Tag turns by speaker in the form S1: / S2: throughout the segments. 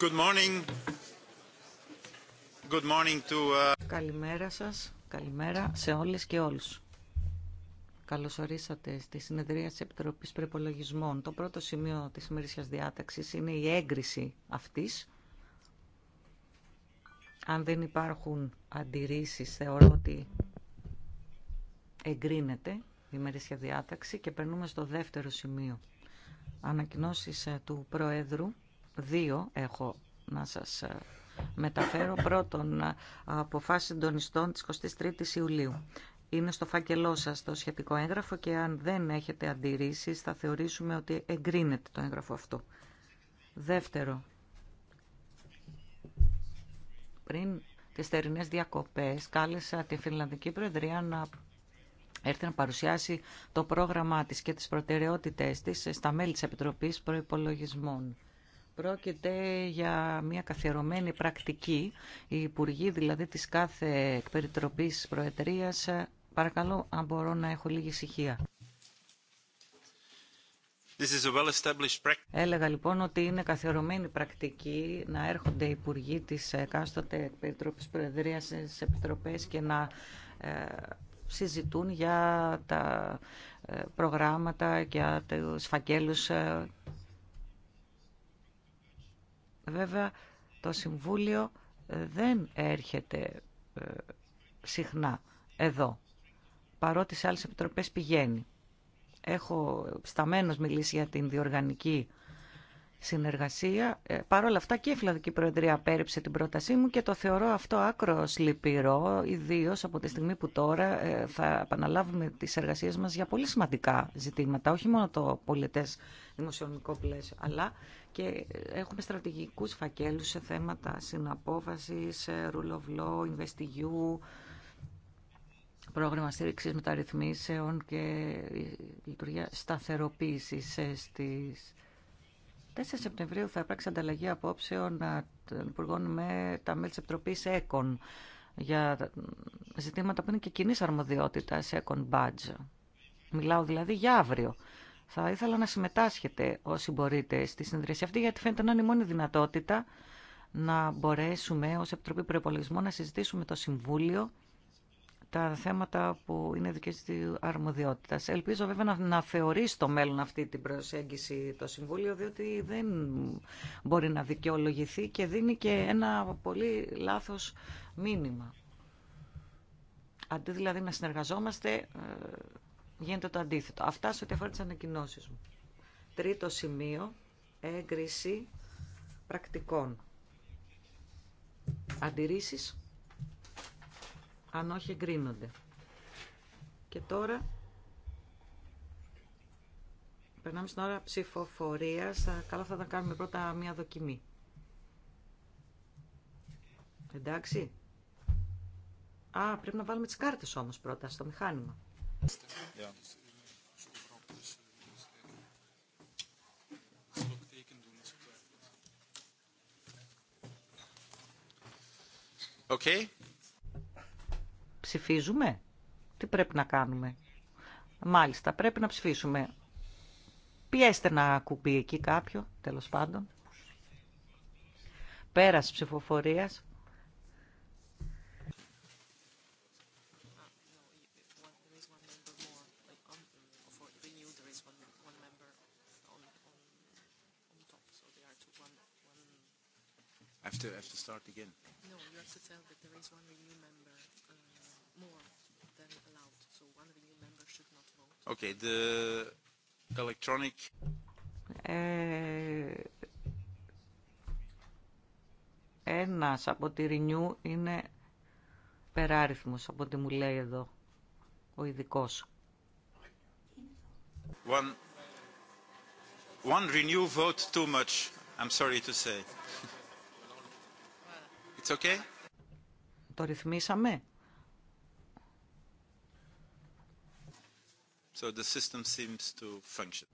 S1: Good morning. Uh,
S2: καλημέρα σας, καλημέρα σε όλες και όλους. Καλωσορίσατε στη συνεδρία της Επιτροπής Προπολογισμών. Το πρώτο σημείο της ημερήσιας διάταξης είναι η έγκριση αυτής. Αν δεν υπάρχουν αντιρρήσεις, θεωρώ ότι εγκρίνεται η ημερήσια διάταξη και περνούμε στο δεύτερο σημείο. Ανακοινώσεις ε, του Προέδρου Δύο έχω να σας ε, μεταφέρω. Πρώτον, αποφάσεις συντονιστών της 23ης Ιουλίου. Είναι στο φάκελό σας το σχετικό έγγραφο και αν δεν έχετε αντιρρήσεις θα θεωρήσουμε ότι εγκρίνεται το έγγραφο αυτό. Δεύτερο, πριν τι θερινέ διακοπέ, κάλεσα τη Φινλανδική Προεδρία να έρθει να παρουσιάσει το πρόγραμμά της και τις προτεραιότητές της στα μέλη της Επιτροπής Προϋπολογισμών. Πρόκειται για μια καθιερωμένη πρακτική. Οι υπουργοί δηλαδή της κάθε εκπεριτροπής προεδρίας... Παρακαλώ, αν μπορώ να έχω λίγη ησυχία. Έλεγα λοιπόν ότι είναι καθιερωμένη πρακτική να έρχονται οι υπουργοί της εκάστοτε εκπεριτροπή Προεδρίας στις Επιτροπές και να ε, συζητούν για τα ε, προγράμματα και για τους ε, Βέβαια, το Συμβούλιο ε, δεν έρχεται ε, συχνά εδώ, παρότι σε άλλες επιτροπές πηγαίνει. Έχω σταμένος μιλήσει για την διοργανική συνεργασία. Ε, Παρ' όλα αυτά και η Φιλανδική Προεδρία απέρριψε την πρότασή μου και το θεωρώ αυτό άκρο λυπηρό, ιδίω από τη στιγμή που τώρα ε, θα επαναλάβουμε τι εργασίε μα για πολύ σημαντικά ζητήματα, όχι μόνο το πολιτέ δημοσιονομικό πλαίσιο, αλλά και έχουμε στρατηγικού φακέλου σε θέματα συναπόφαση, ε, rule of law, πρόγραμμα στήριξη μεταρρυθμίσεων και λειτουργία σταθεροποίηση στι. 4 Σεπτεμβρίου θα υπάρξει ανταλλαγή απόψεων των Υπουργών με τα μέλη τη Επιτροπή ΕΚΟΝ για ζητήματα που είναι και κοινή αρμοδιότητα ΕΚΟΝ Badge. Μιλάω δηλαδή για αύριο. Θα ήθελα να συμμετάσχετε όσοι μπορείτε στη συνδρίαση αυτή, γιατί φαίνεται να είναι η μόνη δυνατότητα να μπορέσουμε ως Επιτροπή Προπολογισμού να συζητήσουμε το Συμβούλιο τα θέματα που είναι δικέ τη αρμοδιότητα. Ελπίζω βέβαια να, θεωρεί στο μέλλον αυτή την προσέγγιση το Συμβούλιο, διότι δεν μπορεί να δικαιολογηθεί και δίνει και ένα πολύ λάθος μήνυμα. Αντί δηλαδή να συνεργαζόμαστε, ε, γίνεται το αντίθετο. Αυτά σε ό,τι αφορά τι ανακοινώσει μου. Τρίτο σημείο, έγκριση πρακτικών. Αντιρρήσεις αν όχι εγκρίνονται. Και τώρα περνάμε στην ώρα ψηφοφορίας. Καλό θα τα κάνουμε πρώτα μία δοκιμή. Εντάξει. Α, πρέπει να βάλουμε τις κάρτες όμως πρώτα στο μηχάνημα. Ψηφίζουμε. Τι πρέπει να κάνουμε. Μάλιστα, πρέπει να ψηφίσουμε. Πιέστε να κουμπί εκεί κάποιο, τέλος πάντων. Πέρας ψηφοφορίας more than allowed. So
S1: one renew member should not vote. Okay, the electronic.
S2: Ε, ένας από τη Renew είναι υπεράριθμος από ό,τι μου λέει εδώ ο ειδικό.
S1: One, one renew vote too much, I'm sorry to say. It's okay?
S2: Το ρυθμίσαμε.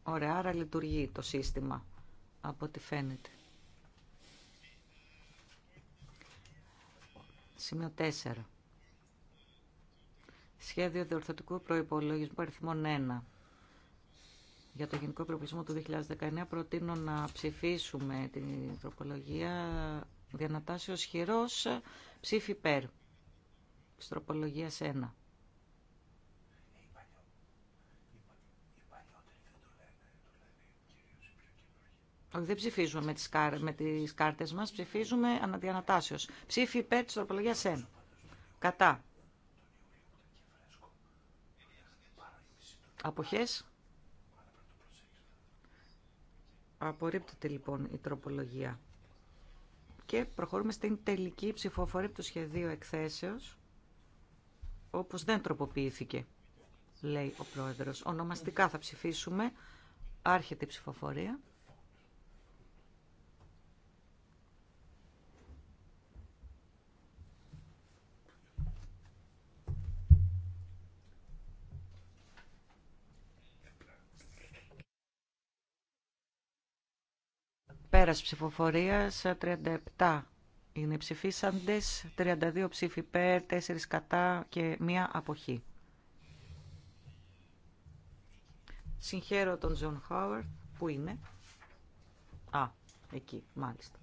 S2: Ωραία, άρα λειτουργεί το σύστημα, από ό,τι φαίνεται. Σημείο 4. Σχέδιο διορθωτικού προϋπολογισμού αριθμών 1. Για το Γενικό Προπολογισμό του 2019 προτείνω να ψηφίσουμε την τροπολογία διανατάσσεως χειρός ψήφι υπέρ. Στροπολογίας 1. Όχι, δεν ψηφίζουμε με τις, κάρ, με κάρτες μας, ψηφίζουμε αναδιανατάσεως. Ψήφι υπέρ της τροπολογίας 1. Κατά. Αποχές. Απορρίπτεται λοιπόν η τροπολογία. Και προχωρούμε στην τελική ψηφοφορία του σχεδίου εκθέσεως, όπως δεν τροποποιήθηκε, λέει ο πρόεδρος. Ονομαστικά θα ψηφίσουμε. Άρχεται η ψηφοφορία. Πέρας ψηφοφορίας 37 είναι ψηφίσαντες, 32 ψήφοι υπέρ, 4 κατά και μία αποχή. Συγχαίρω τον Τζον Χάουερ. Πού είναι? Α, εκεί, μάλιστα.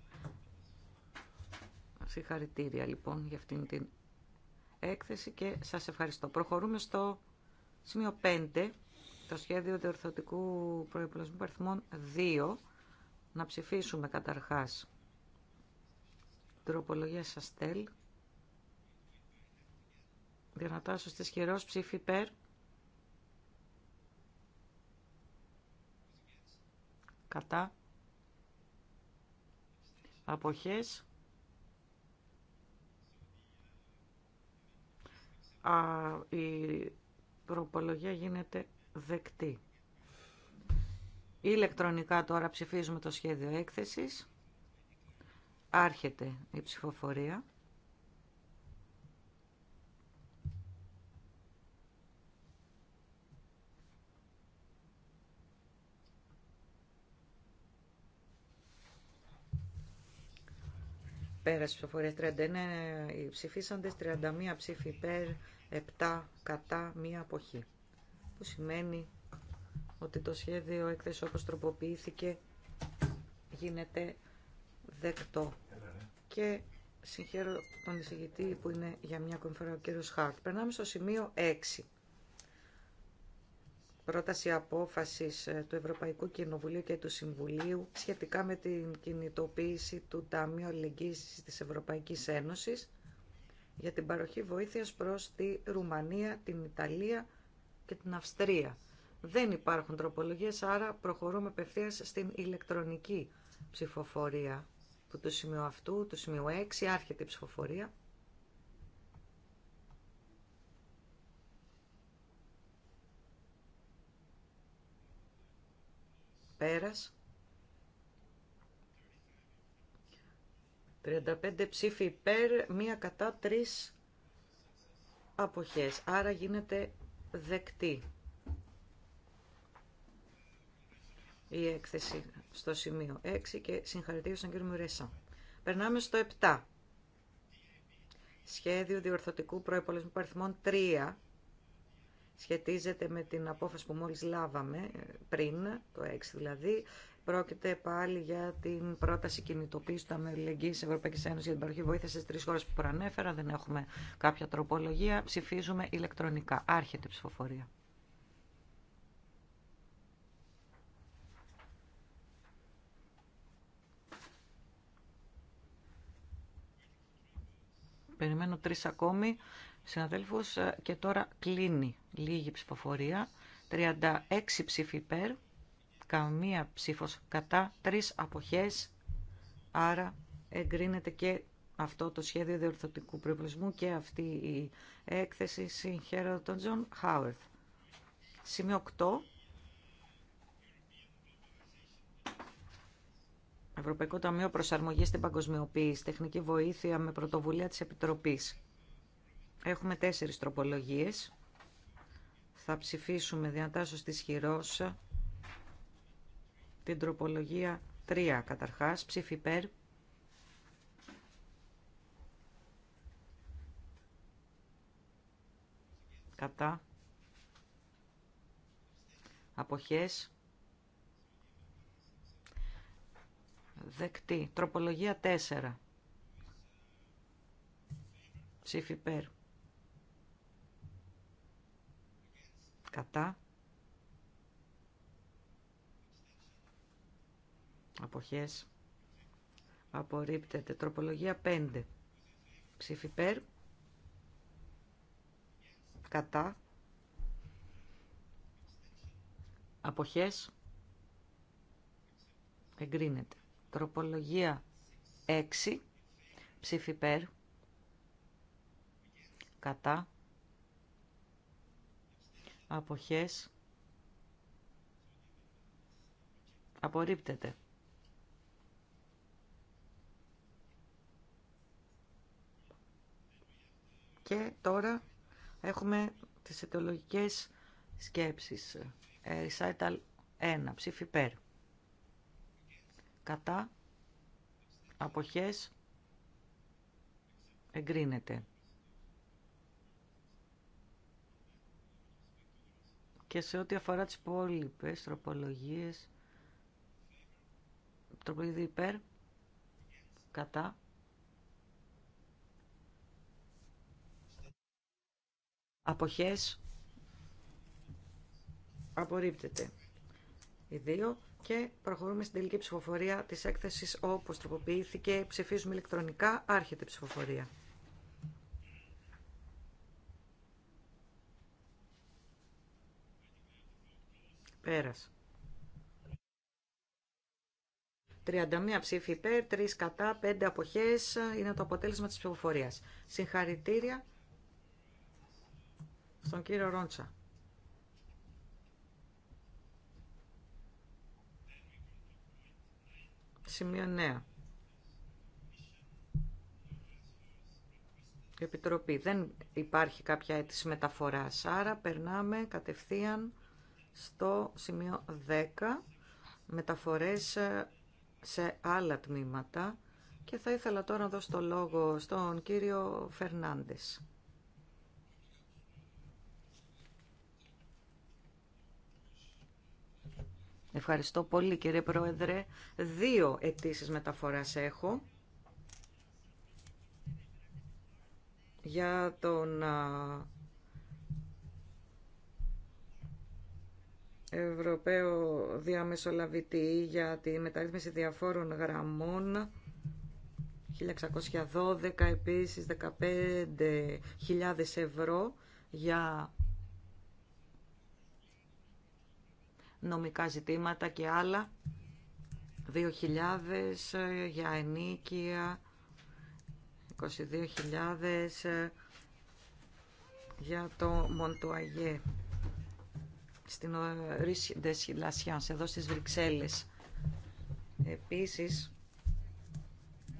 S2: Συγχαρητήρια λοιπόν για αυτήν την έκθεση και σας ευχαριστώ. Προχωρούμε στο σημείο 5, το σχέδιο διορθωτικού προεπλασμού παριθμών 2 να ψηφίσουμε καταρχάς τροπολογία Σαστέλ. δυνατά στις χειρός ψήφι υπέρ. Κατά. Αποχές. Α, η τροπολογία γίνεται δεκτή. Ηλεκτρονικά τώρα ψηφίζουμε το σχέδιο έκθεσης. Άρχεται η ψηφοφορία. Πέρασε ψηφοφορία 39, οι ψηφίσαντες 31 ψήφοι υπέρ, 7 κατά, μία αποχή. Που σημαίνει ότι το σχέδιο έκθεση όπως τροποποιήθηκε γίνεται δεκτό. Και συγχαίρω τον εισηγητή που είναι για μια ακόμη φορά ο κύριος Χάρτ. Περνάμε στο σημείο 6. Πρόταση απόφασης ε, του Ευρωπαϊκού Κοινοβουλίου και του Συμβουλίου σχετικά με την κινητοποίηση του Ταμείου Αλληλεγγύησης της Ευρωπαϊκής Ένωσης για την παροχή βοήθειας προς τη Ρουμανία, την Ιταλία και την Αυστρία. Δεν υπάρχουν τροπολογίες, άρα προχωρούμε απευθεία στην ηλεκτρονική ψηφοφορία που του σημείου αυτού, του σημείου 6, άρχεται η ψηφοφορία. Πέρας. 35 ψήφοι υπέρ, μία κατά, τρεις αποχές. Άρα γίνεται δεκτή. η έκθεση στο σημείο 6 και συγχαρητήρια στον κύριο Μουρέσα. Περνάμε στο 7. Σχέδιο διορθωτικού προϋπολογισμού παριθμών 3 σχετίζεται με την απόφαση που μόλις λάβαμε ε, πριν, το 6 δηλαδή, Πρόκειται πάλι για την πρόταση κινητοποίηση του Αμεριλεγγύη Ευρωπαϊκή Ένωση για την παροχή βοήθεια στι τρει χώρε που προανέφερα. Δεν έχουμε κάποια τροπολογία. Ψηφίζουμε ηλεκτρονικά. Άρχεται η ψηφοφορία. Περιμένω τρεις ακόμη συναδέλφους ε, και τώρα κλείνει λίγη ψηφοφορία. 36 ψήφοι υπέρ, καμία ψήφο κατά, τρεις απόχέ. άρα εγκρίνεται και αυτό το σχέδιο διορθωτικού προβλησμού και αυτή η έκθεση συγχαίρω τον Τζον Χάουερθ. Σημείο 8 Ευρωπαϊκό Ταμείο Προσαρμογής στην Παγκοσμιοποίηση, τεχνική βοήθεια με πρωτοβουλία της Επιτροπής. Έχουμε τέσσερι τροπολογίες. Θα ψηφίσουμε διατάσσως της χειρός την τροπολογία 3 καταρχάς, ψήφι Κατά. Αποχές. δεκτή. Τροπολογία 4. Ψήφι περ. Κατά. Αποχές. Απορρίπτεται. Τροπολογία 5. Ψήφι Κατά. Αποχές εγκρίνεται. Τροπολογία 6. Ψήφι περ. Κατά. Αποχές. Απορρίπτεται. Και τώρα έχουμε τις αιτιολογικές σκέψεις. Ε, recital 1. Ψήφι περ κατά αποχές εγκρίνεται. Και σε ό,τι αφορά τις υπόλοιπες τροπολογίες, τροπολογίδι υπέρ, κατά, αποχές, απορρίπτεται. Οι και προχωρούμε στην τελική ψηφοφορία της έκθεσης όπω τροποποιήθηκε. Ψηφίζουμε ηλεκτρονικά. Άρχεται η ψηφοφορία. Πέρασε. 31 ψήφοι υπέρ, 3 κατά, 5 αποχές είναι το αποτέλεσμα της ψηφοφορίας. Συγχαρητήρια στον κύριο Ρόντσα. Σημείο 9. Επιτροπή. Δεν υπάρχει κάποια αίτηση μεταφοράς, άρα περνάμε κατευθείαν στο σημείο 10, μεταφορές ε, σε άλλα τμήματα και θα ήθελα τώρα να δώσω το λόγο στον κύριο Φερνάντες. Ευχαριστώ πολύ κύριε Πρόεδρε. Δύο αιτήσει μεταφοράς έχω. Για τον Ευρωπαίο Διαμεσολαβητή για τη μεταρρύθμιση διαφόρων γραμμών 1612 επίσης 15.000 ευρώ για νομικά ζητήματα και άλλα. 2.000 ε, για ενίκεια, 22.000 ε, για το Μοντουαγέ στην Ρίσιντες εδώ στις Βρυξέλλες. Επίσης,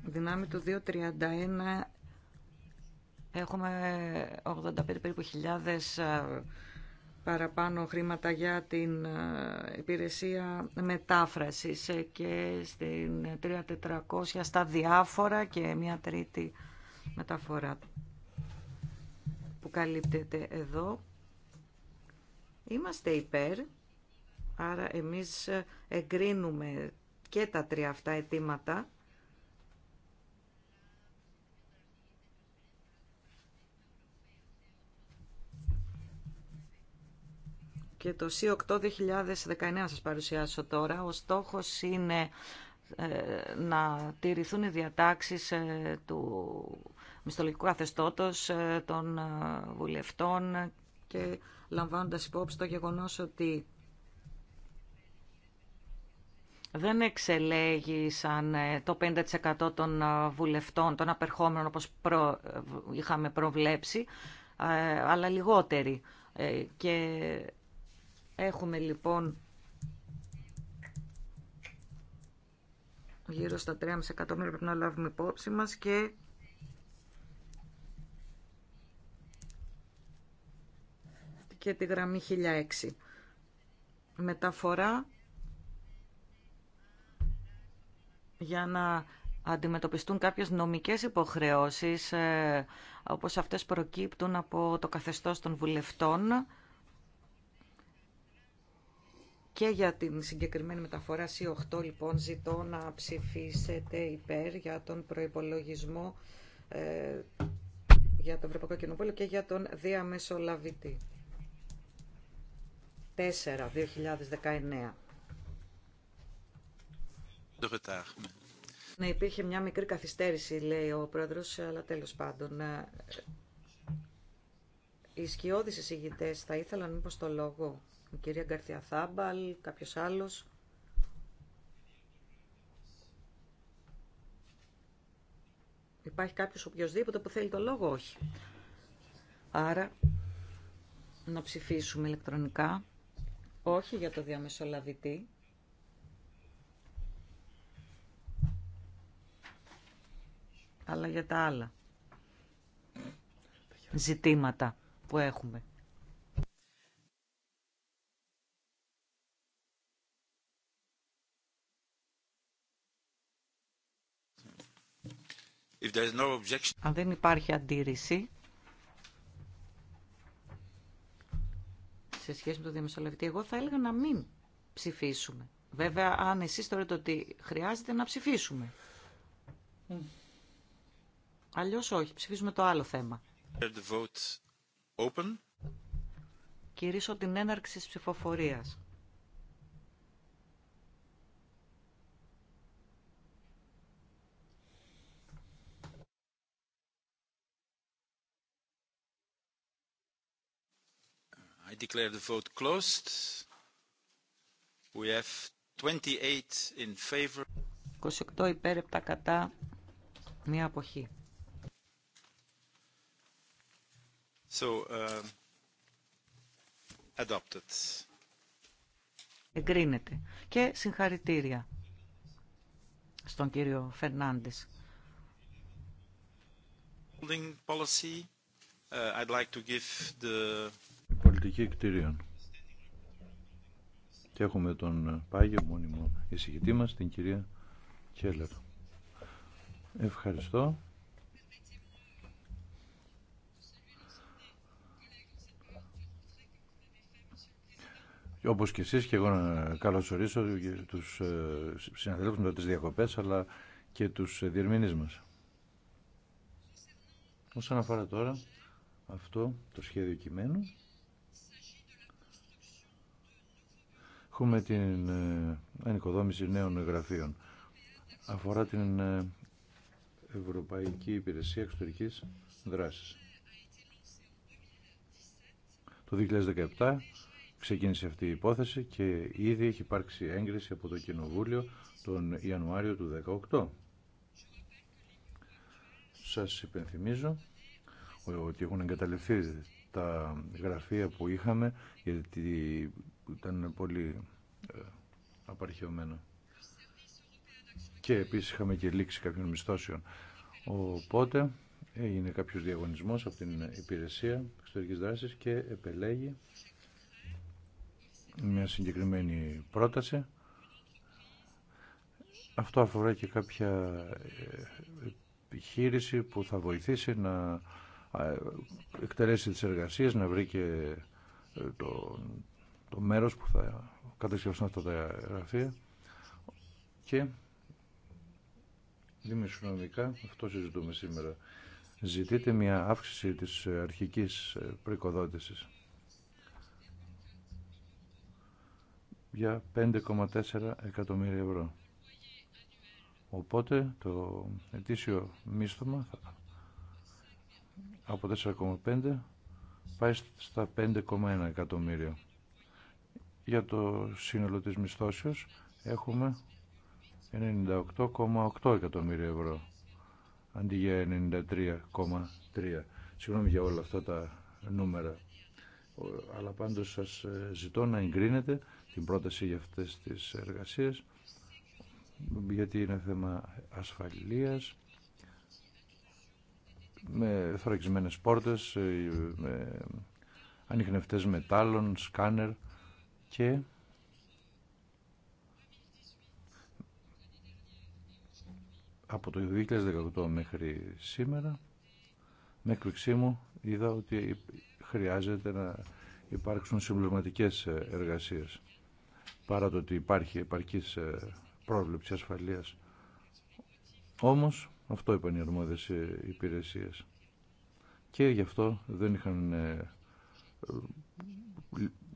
S2: δυνάμει του 231 έχουμε 85 περίπου χιλιάδες ε, παραπάνω χρήματα για την ε, υπηρεσία μετάφρασης ε, και στην 3400 στα διάφορα και μια τρίτη μεταφορά που καλύπτεται εδώ. Είμαστε υπέρ, άρα εμείς ε, εγκρίνουμε και τα τρία αυτά αιτήματα και το C8 2019 σας παρουσιάσω τώρα. Ο στόχος είναι ε, να τηρηθούν οι διατάξεις ε, του μισθολογικού καθεστώτος ε, των βουλευτών και λαμβάνοντας υπόψη το γεγονός ότι δεν εξελέγησαν το 5% των βουλευτών, των απερχόμενων όπως προ, είχαμε προβλέψει, αλλά λιγότεροι. Και Έχουμε λοιπόν γύρω στα 3,5 εκατομμύρια πρέπει να λάβουμε υπόψη μας και και τη γραμμή 1006. Μεταφορά για να αντιμετωπιστούν κάποιες νομικές υποχρεώσεις ε, όπως αυτές προκύπτουν από το καθεστώς των βουλευτών και για την συγκεκριμένη μεταφορά C8 λοιπόν ζητώ να ψηφίσετε υπέρ για τον προϋπολογισμό ε, για το Ευρωπαϊκό Κοινοβούλιο και για τον διαμεσολαβητή. 4. 2019. Ναι, υπήρχε μια μικρή καθυστέρηση, λέει ο πρόεδρος, αλλά τέλος πάντων. Ε, οι σκιώδεις εισηγητές θα ήθελαν μήπως το λόγο. Η κυρία Γκαρτιά Θάμπαλ, κάποιος άλλος. Υπάρχει κάποιος οποιοδήποτε που θέλει το λόγο, όχι. Άρα, να ψηφίσουμε ηλεκτρονικά, όχι για το διαμεσολαβητή. αλλά για τα άλλα ζητήματα που έχουμε. Αν δεν υπάρχει αντίρρηση σε σχέση με το διαμεσολαβητή, εγώ θα έλεγα να μην ψηφίσουμε. Βέβαια, αν εσείς θεωρείτε ότι χρειάζεται να ψηφίσουμε. Αλλιώς όχι, ψηφίζουμε το άλλο θέμα.
S1: The
S2: Κυρίσω την έναρξη της ψηφοφορίας.
S1: I declare the vote closed. We have 28 in favor.
S2: 28 υπέρ, 7 κατά, μία αποχή.
S1: So, adopted.
S2: Εγκρίνεται. Και συγχαρητήρια στον κύριο Φερνάντες.
S1: Policy. I'd like to give the πολιτική κτηρίων.
S3: Και έχουμε τον πάγιο μόνιμο εισηγητή μας, την κυρία Κέλλερ. Ευχαριστώ. Όπως και εσείς και εγώ να καλωσορίσω τους ε, συναδέλφους με τις διακοπές αλλά και τους διερμηνείς μας. Όσον αφορά τώρα αυτό το σχέδιο κειμένου Έχουμε την ε, ανοικοδόμηση νέων γραφείων. Αφορά την ε, Ευρωπαϊκή Υπηρεσία Εξωτερικής Δράσης. Το 2017 ξεκίνησε αυτή η υπόθεση και ήδη έχει υπάρξει έγκριση από το Κοινοβούλιο τον Ιανουάριο του 2018. Σας υπενθυμίζω ότι έχουν εγκαταλειφθεί τα γραφεία που είχαμε γιατί που ήταν πολύ ε, απαρχαιωμένο. Και επίσης είχαμε και λήξη κάποιων μισθώσεων. Οπότε έγινε κάποιος διαγωνισμός από την υπηρεσία εξωτερικής δράσης και επελέγει μια συγκεκριμένη πρόταση. Αυτό αφορά και κάποια ε, επιχείρηση που θα βοηθήσει να ε, εκτελέσει τις εργασίες, να βρει και τον το μέρος που θα κατασκευαστούν αυτά τα γραφεία και δημιουργικά αυτό συζητούμε σήμερα, Ζητείτε μια αύξηση της αρχικής προοικοδότησης για 5,4 εκατομμύρια ευρώ. Οπότε το ετήσιο μίσθωμα από 4,5 πάει στα 5,1 εκατομμύρια για το σύνολο της μισθώσεως έχουμε 98,8 εκατομμύρια ευρώ αντί για 93,3. Συγγνώμη για όλα αυτά τα νούμερα. Αλλά πάντως σας ε, ζητώ να εγκρίνετε την πρόταση για αυτές τις εργασίες γιατί είναι θέμα ασφαλείας με θωρακισμένες πόρτες, ε, με ανοιχνευτές μετάλλων, σκάνερ και από το 2018 μέχρι σήμερα με έκπληξή μου είδα ότι χρειάζεται να υπάρξουν συμπληρωματικές εργασίες παρά το ότι υπάρχει επαρκής ε, πρόβλεψη ασφαλείας. Όμως αυτό είπαν οι αρμόδιες ε, υπηρεσίες και γι' αυτό δεν είχαν ε,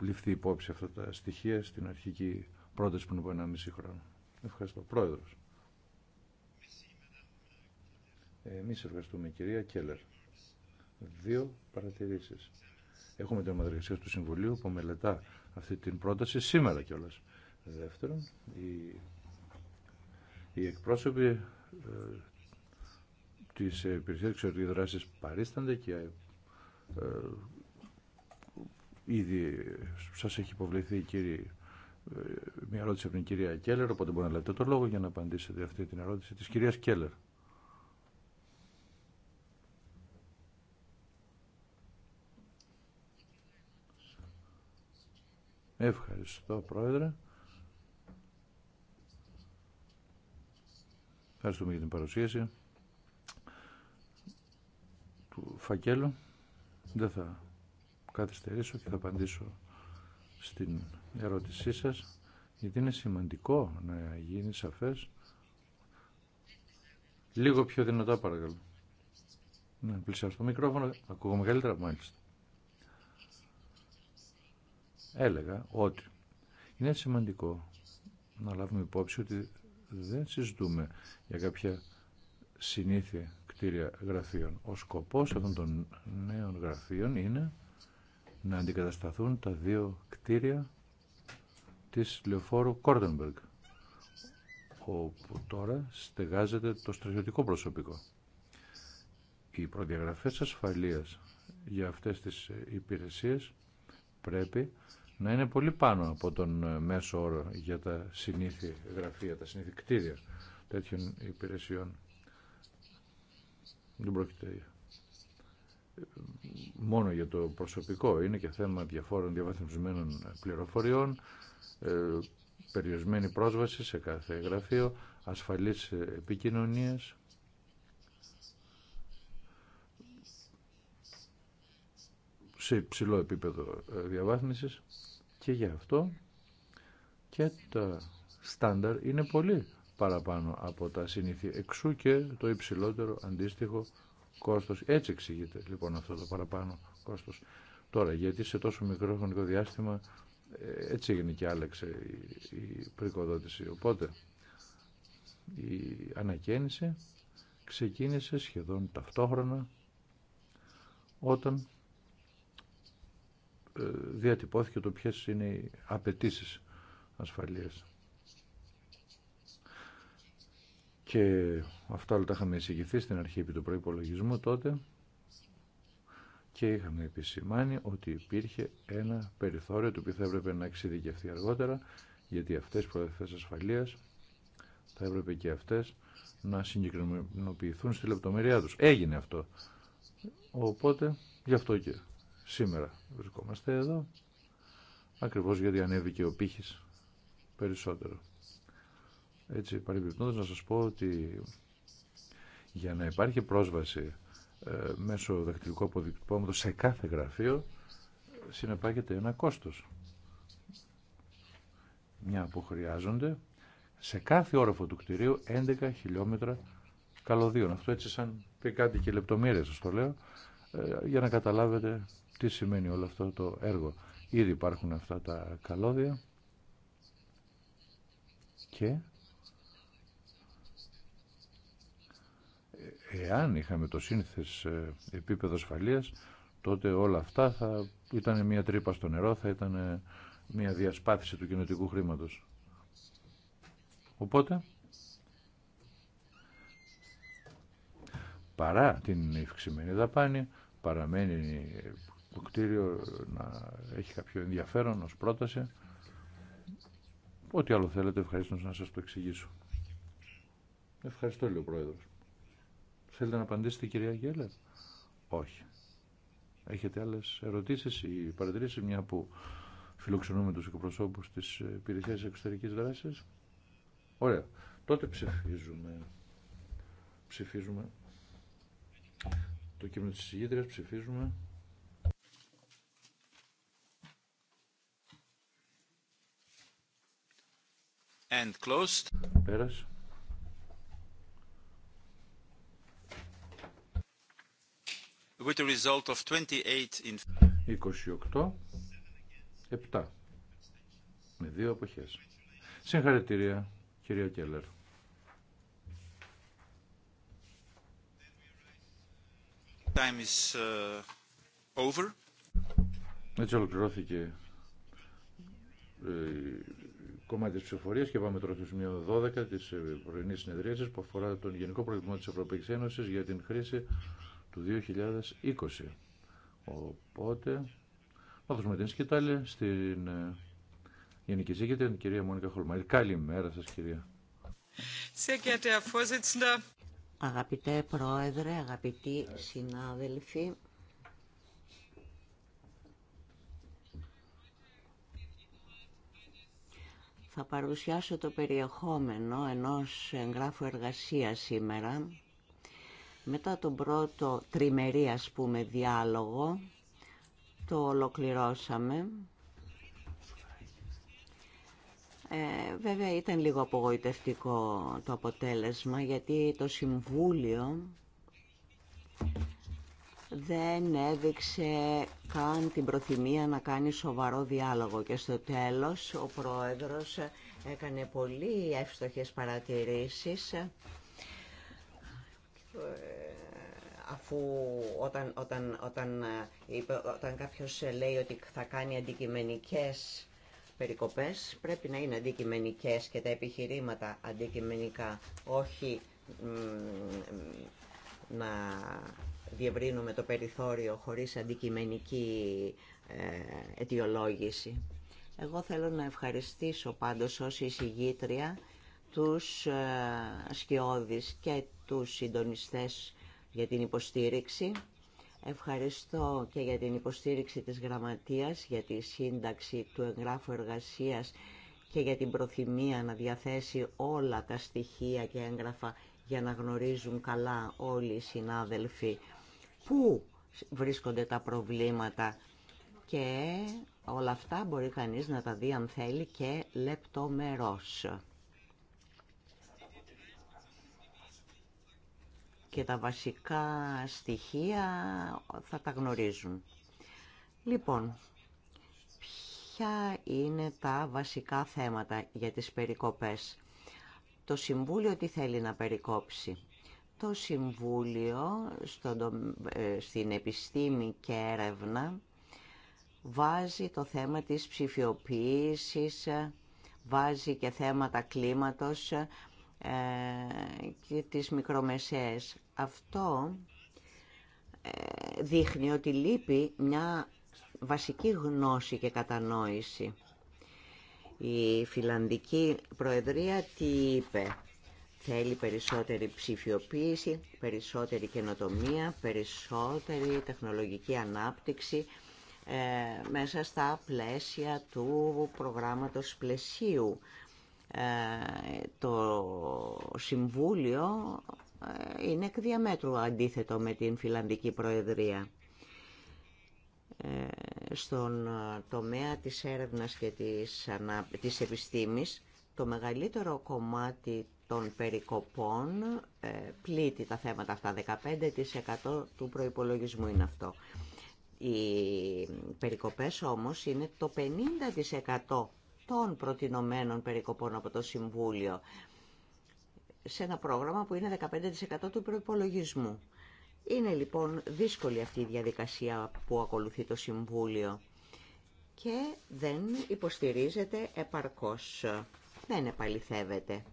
S3: ληφθεί υπόψη αυτά τα στοιχεία στην αρχική πρόταση που είναι από μισή χρόνο. Ευχαριστώ. Πρόεδρος. Εμείς ευχαριστούμε κυρία Κέλλερ. Δύο παρατηρήσεις. Έχουμε την ομαδεργασία του Συμβουλίου που μελετά αυτή την πρόταση σήμερα κιόλα. Δεύτερον, οι, οι εκπρόσωποι ε, της υπηρεσίας εξωτερικής δράσης παρίστανται και ε, Ήδη σας έχει υποβληθεί κύριε, ε, μια ερώτηση από την κυρία Κέλλερ, οπότε μπορεί να λέτε το λόγο για να απαντήσετε αυτή την ερώτηση της κυρίας Κέλλερ. Ευχαριστώ, Πρόεδρε. Ευχαριστούμε για την παρουσίαση του φακέλου. Δεν θα καθυστερήσω και θα απαντήσω στην ερώτησή σας γιατί είναι σημαντικό να γίνει σαφές λίγο πιο δυνατά παρακαλώ να πλησιάσω το μικρόφωνο ακούγομαι καλύτερα μάλιστα έλεγα ότι είναι σημαντικό να λάβουμε υπόψη ότι δεν συζητούμε για κάποια συνήθεια κτίρια γραφείων. Ο σκοπός αυτών των νέων γραφείων είναι να αντικατασταθούν τα δύο κτίρια της λεωφόρου Κόρτεμπεργκ. όπου τώρα στεγάζεται το στρατιωτικό προσωπικό. Οι προδιαγραφές ασφαλείας για αυτές τις υπηρεσίες πρέπει να είναι πολύ πάνω από τον μέσο όρο για τα συνήθη γραφεία, τα συνήθη κτίρια τέτοιων υπηρεσιών. Δεν πρόκειται μόνο για το προσωπικό. Είναι και θέμα διαφόρων διαβαθμισμένων πληροφοριών, ε, περιορισμένη πρόσβαση σε κάθε γραφείο, ασφαλής επικοινωνίας. σε υψηλό επίπεδο ε, διαβάθμισης και γι' αυτό και τα στάνταρ είναι πολύ παραπάνω από τα συνήθεια. Εξού και το υψηλότερο αντίστοιχο κόστος. Έτσι εξηγείται λοιπόν αυτό το παραπάνω κόστος. Τώρα, γιατί σε τόσο μικρό χρονικό διάστημα ε, έτσι έγινε και άλλαξε η, η Οπότε, η ανακαίνιση ξεκίνησε σχεδόν ταυτόχρονα όταν ε, διατυπώθηκε το ποιες είναι οι απαιτήσεις ασφαλείας. και αυτά όλα τα είχαμε εισηγηθεί στην αρχή επί του προϋπολογισμού τότε και είχαμε επισημάνει ότι υπήρχε ένα περιθώριο το οποίο θα έπρεπε να εξειδικευτεί αργότερα γιατί αυτές οι προοδευτές ασφαλείας θα έπρεπε και αυτές να συγκεκριμενοποιηθούν στη λεπτομεριά τους. Έγινε αυτό. Οπότε γι' αυτό και σήμερα βρισκόμαστε εδώ ακριβώς γιατί ανέβηκε ο πύχης περισσότερο. Έτσι, παρεμπιπτόντως να σας πω ότι για να υπάρχει πρόσβαση ε, μέσω δακτυλικού αποδεικτυπώματος σε κάθε γραφείο συνεπάγεται ένα κόστος. Μια που χρειάζονται σε κάθε όροφο του κτηρίου 11 χιλιόμετρα καλωδίων. Αυτό έτσι σαν πει κάτι και λεπτομέρειες σας το λέω ε, για να καταλάβετε τι σημαίνει όλο αυτό το έργο. Ήδη υπάρχουν αυτά τα καλώδια και Εάν είχαμε το σύνθεσ ε, επίπεδο ασφαλείας, τότε όλα αυτά θα ήταν μια τρύπα στο νερό, θα ήταν ε, μια διασπάθηση του κοινωτικού χρήματος. Οπότε, παρά την ευξημένη δαπάνη, παραμένει το κτίριο να έχει κάποιο ενδιαφέρον ως πρόταση. Ό,τι άλλο θέλετε, ευχαριστώ να σας το εξηγήσω. Ευχαριστώ, λέει Θέλετε να απαντήσετε κυρία Γέλερ. Όχι. Έχετε άλλε ερωτήσεις ή παρατηρήσεις μια που φιλοξενούμε τους εκπροσώπους της υπηρεσία εξωτερικής δράση Ωραία. Τότε ψηφίζουμε. Ψηφίζουμε. Το κείμενο τη συγγήτριας ψηφίζουμε.
S1: And closed. Πέρασε. with a result of 28 in...
S3: 28, 7, με δύο εποχές. Συγχαρητήρια, κυρία Κέλλερ.
S1: Time is uh, over.
S3: Έτσι ολοκληρώθηκε ε, κομμάτι της ψηφοφορία και πάμε τώρα στο σημείο 12 της ε, πρωινής συνεδρίασης που αφορά τον Γενικό Προεδρικό της Ευρωπαϊκής Ένωσης για την χρήση του 2020. Οπότε θα με την σκητάλη στην ε, Γενική Σύγκριτη, την κυρία Μόνικα Χολμαϊρ, Καλημέρα σας κυρία.
S4: Αγαπητέ Πρόεδρε, αγαπητοί συνάδελφοι, θα παρουσιάσω το περιεχόμενο ενός εγγράφου εργασίας σήμερα μετά τον πρώτο τριμερή, ας πούμε, διάλογο, το ολοκληρώσαμε. Ε, βέβαια ήταν λίγο απογοητευτικό το αποτέλεσμα γιατί το Συμβούλιο δεν έδειξε καν την προθυμία να κάνει σοβαρό διάλογο και στο τέλος ο Πρόεδρος έκανε πολύ εύστοχες παρατηρήσεις ε, αφού όταν, όταν, όταν, ε, όταν κάποιος ε, λέει ότι θα κάνει αντικειμενικές περικοπές πρέπει να είναι αντικειμενικές και τα επιχειρήματα αντικειμενικά όχι να διευρύνουμε το περιθώριο χωρίς αντικειμενική ε, αιτιολόγηση. Εγώ θέλω να ευχαριστήσω πάντως ως εισηγήτρια τους ε, σκιώδεις και τους συντονιστές για την υποστήριξη. Ευχαριστώ και για την υποστήριξη της Γραμματείας, για τη σύνταξη του εγγράφου εργασίας και για την προθυμία να διαθέσει όλα τα στοιχεία και έγγραφα για να γνωρίζουν καλά όλοι οι συνάδελφοι πού βρίσκονται τα προβλήματα και όλα αυτά μπορεί κανείς να τα δει αν θέλει και λεπτομερώς. και τα βασικά στοιχεία θα τα γνωρίζουν. Λοιπόν, ποια είναι τα βασικά θέματα για τις περικοπές. Το Συμβούλιο τι θέλει να περικόψει. Το Συμβούλιο στο, ε, στην επιστήμη και έρευνα βάζει το θέμα της ψηφιοποίησης, βάζει και θέματα κλίματος, ε, και τις μικρομεσαίες. Αυτό ε, δείχνει ότι λείπει μια βασική γνώση και κατανόηση. Η Φιλανδική Προεδρία τι είπε. Θέλει περισσότερη ψηφιοποίηση, περισσότερη καινοτομία, περισσότερη τεχνολογική ανάπτυξη ε, μέσα στα πλαίσια του προγράμματος πλαισίου ε, το Συμβούλιο ε, είναι εκ διαμέτρου αντίθετο με την Φιλανδική Προεδρία. Ε, στον τομέα της έρευνας και της, ανα... της επιστήμης, το μεγαλύτερο κομμάτι των περικοπών πλήττει τα θέματα αυτά. 15% του προϋπολογισμού είναι αυτό. Οι περικοπές όμως είναι το 50% των προτινομένων περικοπών από το Συμβούλιο σε ένα πρόγραμμα που είναι 15% του προϋπολογισμού. Είναι λοιπόν δύσκολη αυτή η διαδικασία που ακολουθεί το Συμβούλιο και δεν υποστηρίζεται επαρκώς, δεν επαληθεύεται.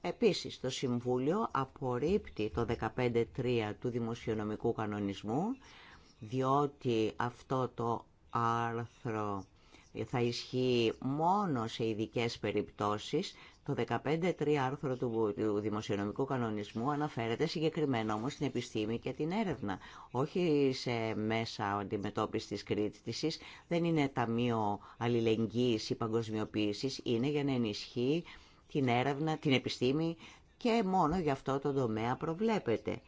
S4: Επίσης, το Συμβούλιο απορρίπτει το 15.3 του Δημοσιονομικού Κανονισμού, διότι αυτό το άρθρο θα ισχύει μόνο σε ειδικέ περιπτώσεις. Το 15.3 άρθρο του Δημοσιονομικού Κανονισμού αναφέρεται συγκεκριμένα όμως στην επιστήμη και την έρευνα. Όχι σε μέσα αντιμετώπιση της κρίτησης, δεν είναι ταμείο αλληλεγγύης ή παγκοσμιοποίησης, είναι για να ενισχύει την έρευνα, την επιστήμη και μόνο για αυτό το τομέα προβλέπεται.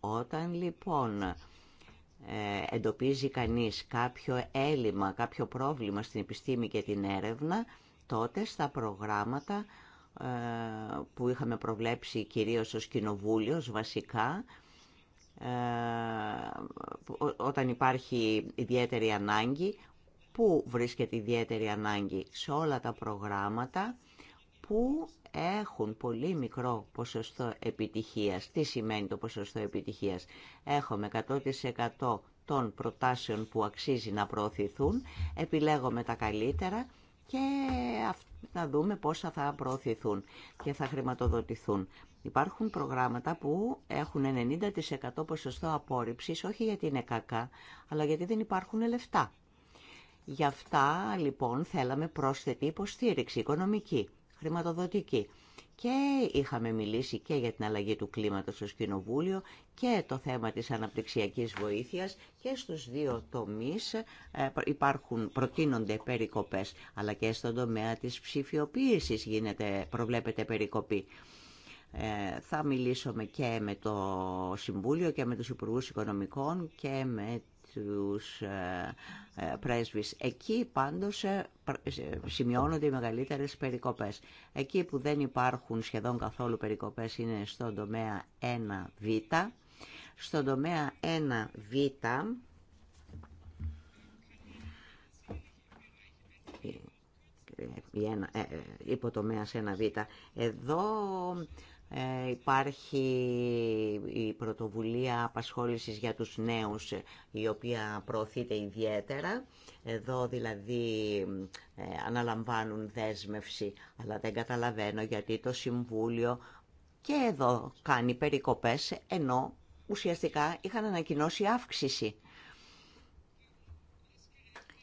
S4: Όταν λοιπόν ε, εντοπίζει κανείς κάποιο έλλειμμα, κάποιο πρόβλημα στην επιστήμη και την έρευνα, τότε στα προγράμματα ε, που είχαμε προβλέψει κυρίως ως κοινοβούλιο, βασικά, ε, όταν υπάρχει ιδιαίτερη ανάγκη, πού βρίσκεται ιδιαίτερη ανάγκη σε όλα τα προγράμματα που έχουν πολύ μικρό ποσοστό επιτυχίας. Τι σημαίνει το ποσοστό επιτυχίας. Έχουμε 100% των προτάσεων που αξίζει να προωθηθούν, επιλέγουμε τα καλύτερα και να δούμε πόσα θα προωθηθούν και θα χρηματοδοτηθούν. Υπάρχουν προγράμματα που έχουν 90% ποσοστό απόρριψης, όχι γιατί είναι κακά, αλλά γιατί δεν υπάρχουν λεφτά. Γι' αυτά, λοιπόν, θέλαμε πρόσθετη υποστήριξη οικονομική χρηματοδοτική. Και είχαμε μιλήσει και για την αλλαγή του κλίματος στο Σκηνοβούλιο και το θέμα της αναπτυξιακής βοήθειας και στους δύο τομείς ε, υπάρχουν, προτείνονται περικοπές, αλλά και στον τομέα της ψηφιοποίησης γίνεται, προβλέπεται περικοπή. Ε, θα μιλήσουμε και με το Συμβούλιο και με τους Υπουργούς Οικονομικών και με τους ε, ε, πρέσβεις. Εκεί πάντως ε, σημειώνονται οι μεγαλύτερες περικοπές. Εκεί που δεν υπάρχουν σχεδόν καθόλου περικοπές είναι στον τομέα 1β. Στον τομέα 1β υποτομέας 1β. Εδώ ε, υπάρχει η πρωτοβουλία απασχόλησης για τους νέους, η οποία προωθείται ιδιαίτερα. Εδώ δηλαδή ε, αναλαμβάνουν δέσμευση, αλλά δεν καταλαβαίνω γιατί το Συμβούλιο και εδώ κάνει περικοπές, ενώ ουσιαστικά είχαν ανακοινώσει αύξηση.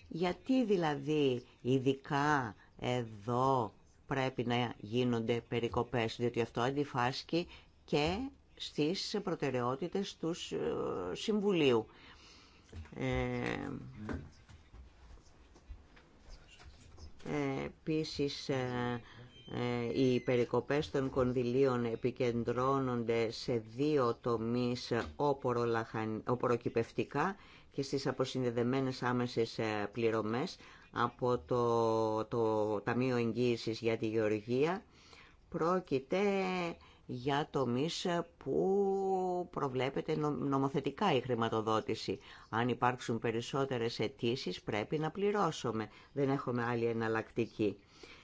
S4: Γιατί δηλαδή ειδικά εδώ πρέπει να γίνονται περικοπές, διότι αυτό αντιφάσκει και στις προτεραιότητες του ε, Συμβουλίου. Ε, επίσης, ε, ε, οι περικοπές των κονδυλίων επικεντρώνονται σε δύο τομείς οποροκυπευτικά και στις αποσυνδεδεμένες άμεσες πληρωμές από το, το Ταμείο Εγγύησης για τη Γεωργία. Πρόκειται για το μίσ που προβλέπεται νομοθετικά η χρηματοδότηση. Αν υπάρξουν περισσότερες αιτήσει πρέπει να πληρώσουμε. Δεν έχουμε άλλη εναλλακτική.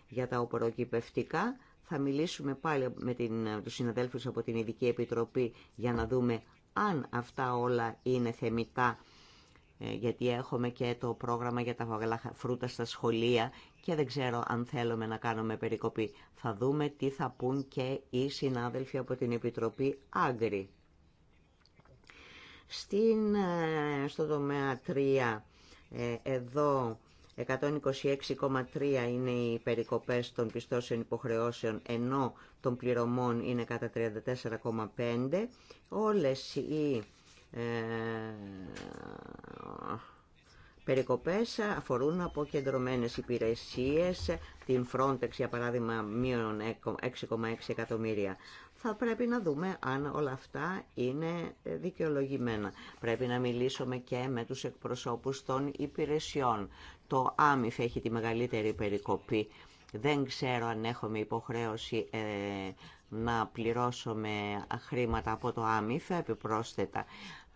S4: Για τα οποροκυπευτικά θα μιλήσουμε πάλι με την, τους συναδέλφους από την Ειδική Επιτροπή για να δούμε αν αυτά όλα είναι θεμητά ε, γιατί έχουμε και το πρόγραμμα για τα φρούτα στα σχολεία και δεν ξέρω αν θέλουμε να κάνουμε περικοπή. Θα δούμε τι θα πούν και οι συνάδελφοι από την Επιτροπή Άγκρη. Στην, ε, στο τομέα 3, ε, εδώ 126,3 είναι οι περικοπές των πιστώσεων υποχρεώσεων, ενώ των πληρωμών είναι κατά 34,5. Όλες οι ε, περικοπές αφορούν αποκεντρωμένες υπηρεσίες, την Frontex για παράδειγμα μείον 6,6 εκατομμύρια. Θα πρέπει να δούμε αν όλα αυτά είναι δικαιολογημένα. Πρέπει να μιλήσουμε και με τους εκπροσώπους των υπηρεσιών. Το ΆΜΙΦ έχει τη μεγαλύτερη περικοπή. Δεν ξέρω αν έχουμε υποχρέωση ε, να πληρώσουμε χρήματα από το ΆΜΙΦ επιπρόσθετα.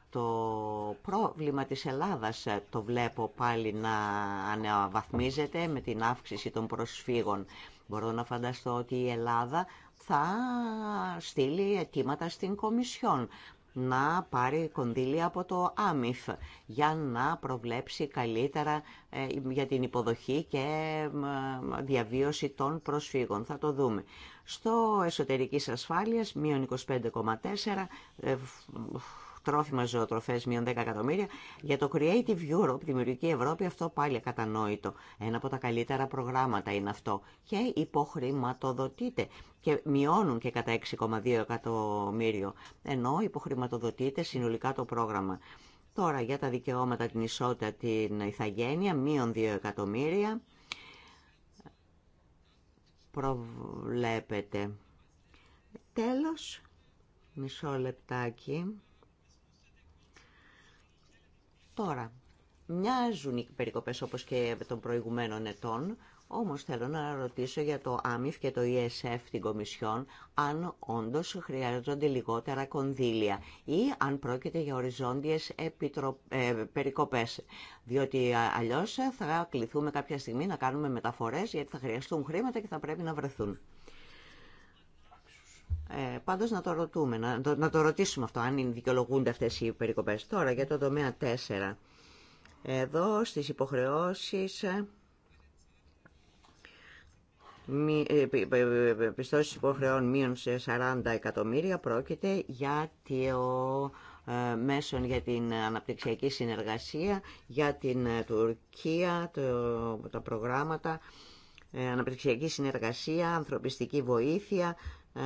S4: Το πρόβλημα της Ελλάδας ε, το βλέπω πάλι να αναβαθμίζεται με την αύξηση των προσφύγων. Μπορώ να φανταστώ ότι η Ελλάδα θα στείλει αιτήματα στην Κομισιόν να πάρει κονδύλια από το ΆΜΙΦ για να προβλέψει καλύτερα ε, για την υποδοχή και διαβίωση των προσφύγων. Θα το δούμε. Στο εσωτερικής ασφάλειας, μείον 25,4 τρόφιμα ζωοτροφές μείον 10 εκατομμύρια. Για το Creative Europe, Δημιουργική Ευρώπη, αυτό πάλι ακατανόητο. Ένα από τα καλύτερα προγράμματα είναι αυτό. Και υποχρηματοδοτείται και μειώνουν και κατά 6,2 εκατομμύριο. Ενώ υποχρηματοδοτείται συνολικά το πρόγραμμα. Τώρα για τα δικαιώματα, την ισότητα, την ηθαγένεια, μείον 2 εκατομμύρια προβλέπετε. Τέλος, μισό λεπτάκι. Τώρα, μοιάζουν οι περικοπές όπως και των προηγουμένων ετών, όμως θέλω να ρωτήσω για το ΆΜΙΦ και το ESF την Κομισιόν αν όντως χρειάζονται λιγότερα κονδύλια ή αν πρόκειται για οριζόντιες επιτρο... Ε, περικοπές. Διότι αλλιώς θα κληθούμε κάποια στιγμή να κάνουμε μεταφορές γιατί θα χρειαστούν χρήματα και θα πρέπει να βρεθούν. Ε, πάντως να το, ρωτούμε, να, το, ρωτήσουμε αυτό, αν δικαιολογούνται αυτές οι περικοπές. Τώρα για το τομέα 4. Εδώ στις υποχρεώσεις ε, ε, Πιστώσει υποχρεών μείων σε 40 εκατομμύρια πρόκειται για το ε, μέσον για την αναπτυξιακή συνεργασία, για την ε, Τουρκία, το, τα προγράμματα, αναπτυξιακή συνεργασία, ανθρωπιστική βοήθεια, ε,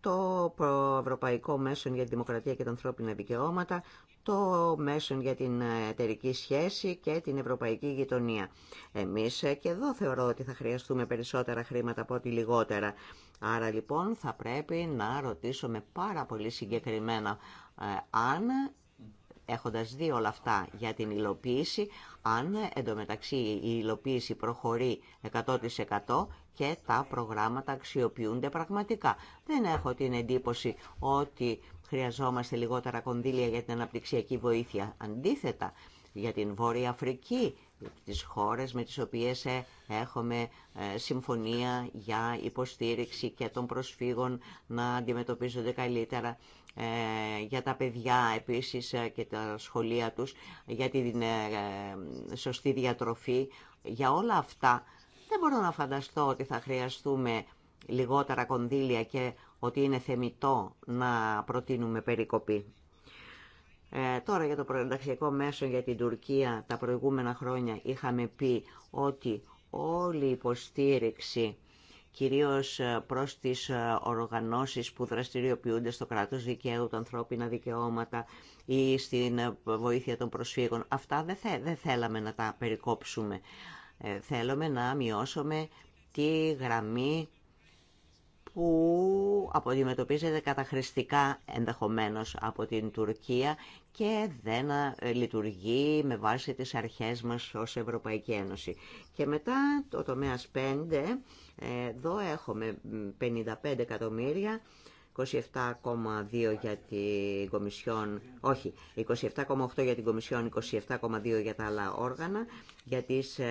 S4: το Ευρωπαϊκό Μέσο για τη Δημοκρατία και τα Ανθρώπινα Δικαιώματα, το Μέσο για την Εταιρική Σχέση και την Ευρωπαϊκή Γειτονία. Εμείς και εδώ θεωρώ ότι θα χρειαστούμε περισσότερα χρήματα από ό,τι λιγότερα. Άρα λοιπόν θα πρέπει να ρωτήσουμε πάρα πολύ συγκεκριμένα ε, αν έχοντας δει όλα αυτά για την υλοποίηση, αν εντωμεταξύ η υλοποίηση προχωρεί 100% και τα προγράμματα αξιοποιούνται πραγματικά. Δεν έχω την εντύπωση ότι χρειαζόμαστε λιγότερα κονδύλια για την αναπτυξιακή βοήθεια. Αντίθετα, για την Βόρεια Αφρική τις χώρες με τις οποίες ε, έχουμε ε, συμφωνία για υποστήριξη και των προσφύγων να αντιμετωπίζονται καλύτερα ε, για τα παιδιά επίσης και τα σχολεία τους, για την σωστή διατροφή. Για όλα αυτά δεν μπορώ να φανταστώ ότι θα χρειαστούμε λιγότερα κονδύλια και ότι είναι θεμητό να προτείνουμε περικοπή. Ε, τώρα για το προενταξιακό μέσο για την Τουρκία τα προηγούμενα χρόνια είχαμε πει ότι όλη η υποστήριξη κυρίως ε, προς τις ε, οργανώσεις που δραστηριοποιούνται στο κράτος δικαίου, τα ανθρώπινα δικαιώματα ή στην ε, βοήθεια των προσφύγων. Αυτά δεν, θε, δεν θέλαμε να τα περικόψουμε. θέλουμε να μειώσουμε τη γραμμή που αποδημετωπίζεται καταχρηστικά ενδεχομένως από την Τουρκία και δεν ε, λειτουργεί με βάση τις αρχές μας ως Ευρωπαϊκή Ένωση. Και μετά το τομέας 5, ε, εδώ έχουμε 55 εκατομμύρια 27,2 για την Κομισιόν, όχι, 27,8 για την Κομισιόν, 27,2 για τα άλλα όργανα. Για τις ε,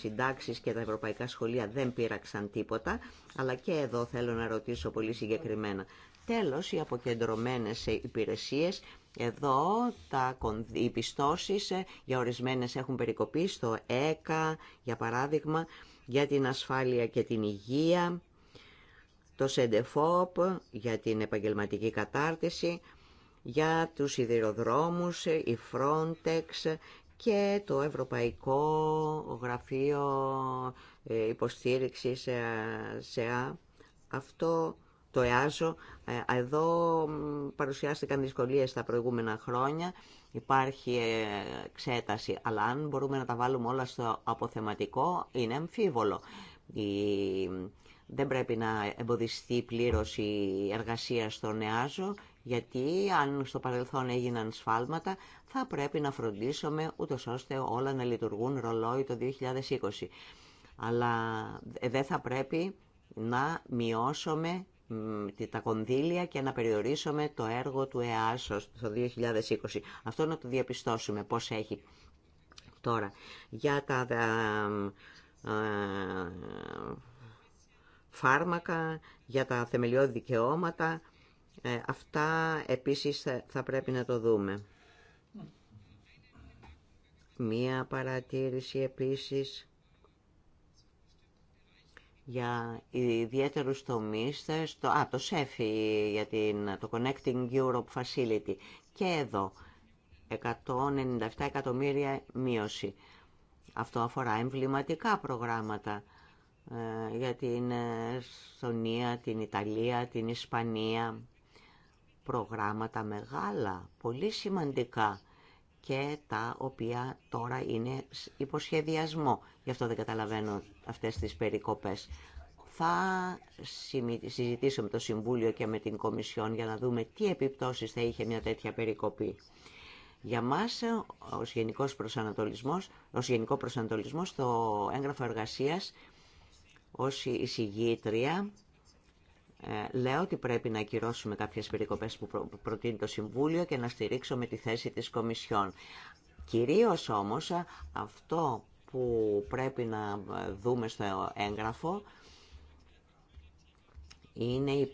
S4: συντάξεις και τα ευρωπαϊκά σχολεία δεν πήραξαν τίποτα, αλλά και εδώ θέλω να ρωτήσω πολύ συγκεκριμένα. Τέλος, οι αποκεντρωμένες υπηρεσίες, εδώ τα, οι πιστώσεις ε, για ορισμένες έχουν περικοπεί στο ΕΚΑ, για παράδειγμα, για την ασφάλεια και την υγεία, το ΣΕΝΤΕΦΟΠ για την επαγγελματική κατάρτιση, για τους σιδηροδρόμους, η Frontex και το Ευρωπαϊκό Γραφείο ε, Υποστήριξης ε, σε Αυτό το ΕΑΖΟ. Ε, εδώ παρουσιάστηκαν δυσκολίες τα προηγούμενα χρόνια. Υπάρχει εξέταση, αλλά αν μπορούμε να τα βάλουμε όλα στο αποθεματικό, είναι αμφίβολο δεν πρέπει να εμποδιστεί πλήρως η εργασία στον ΕΑΖΟ, γιατί αν στο παρελθόν έγιναν σφάλματα, θα πρέπει να φροντίσουμε ούτω ώστε όλα να λειτουργούν ρολόι το 2020. Αλλά ε, δεν θα πρέπει να μειώσουμε τα κονδύλια και να περιορίσουμε το έργο του ΕΑΣΟ το 2020. Αυτό να το διαπιστώσουμε πώς έχει τώρα. Για τα ε, φάρμακα, για τα θεμελιώδη δικαιώματα. Ε, αυτά επίσης θα πρέπει να το δούμε. Μία παρατήρηση επίσης για ιδιαίτερους τομείς, ε, στο, α, το ΣΕΦΙ για την, το Connecting Europe Facility και εδώ 197 εκατομμύρια μείωση. Αυτό αφορά εμβληματικά προγράμματα ε, για την Εσθονία, την Ιταλία, την Ισπανία. Προγράμματα μεγάλα, πολύ σημαντικά και τα οποία τώρα είναι υποσχεδιασμό. Γι' αυτό δεν καταλαβαίνω αυτές τις περικοπές. Θα συζητήσω με το Συμβούλιο και με την Κομισιόν για να δούμε τι επιπτώσεις θα είχε μια τέτοια περικοπή. Για μας, ως ε, γενικός προσανατολισμός, ως γενικό προσανατολισμός, το έγγραφο εργασίας ως εισηγήτρια ε, λέω ότι πρέπει να ακυρώσουμε κάποιες περικοπές που προτείνει το Συμβούλιο και να στηρίξουμε τη θέση της Κομισιόν. Κυρίως όμως ε, αυτό που πρέπει να ε, δούμε στο έγγραφο είναι οι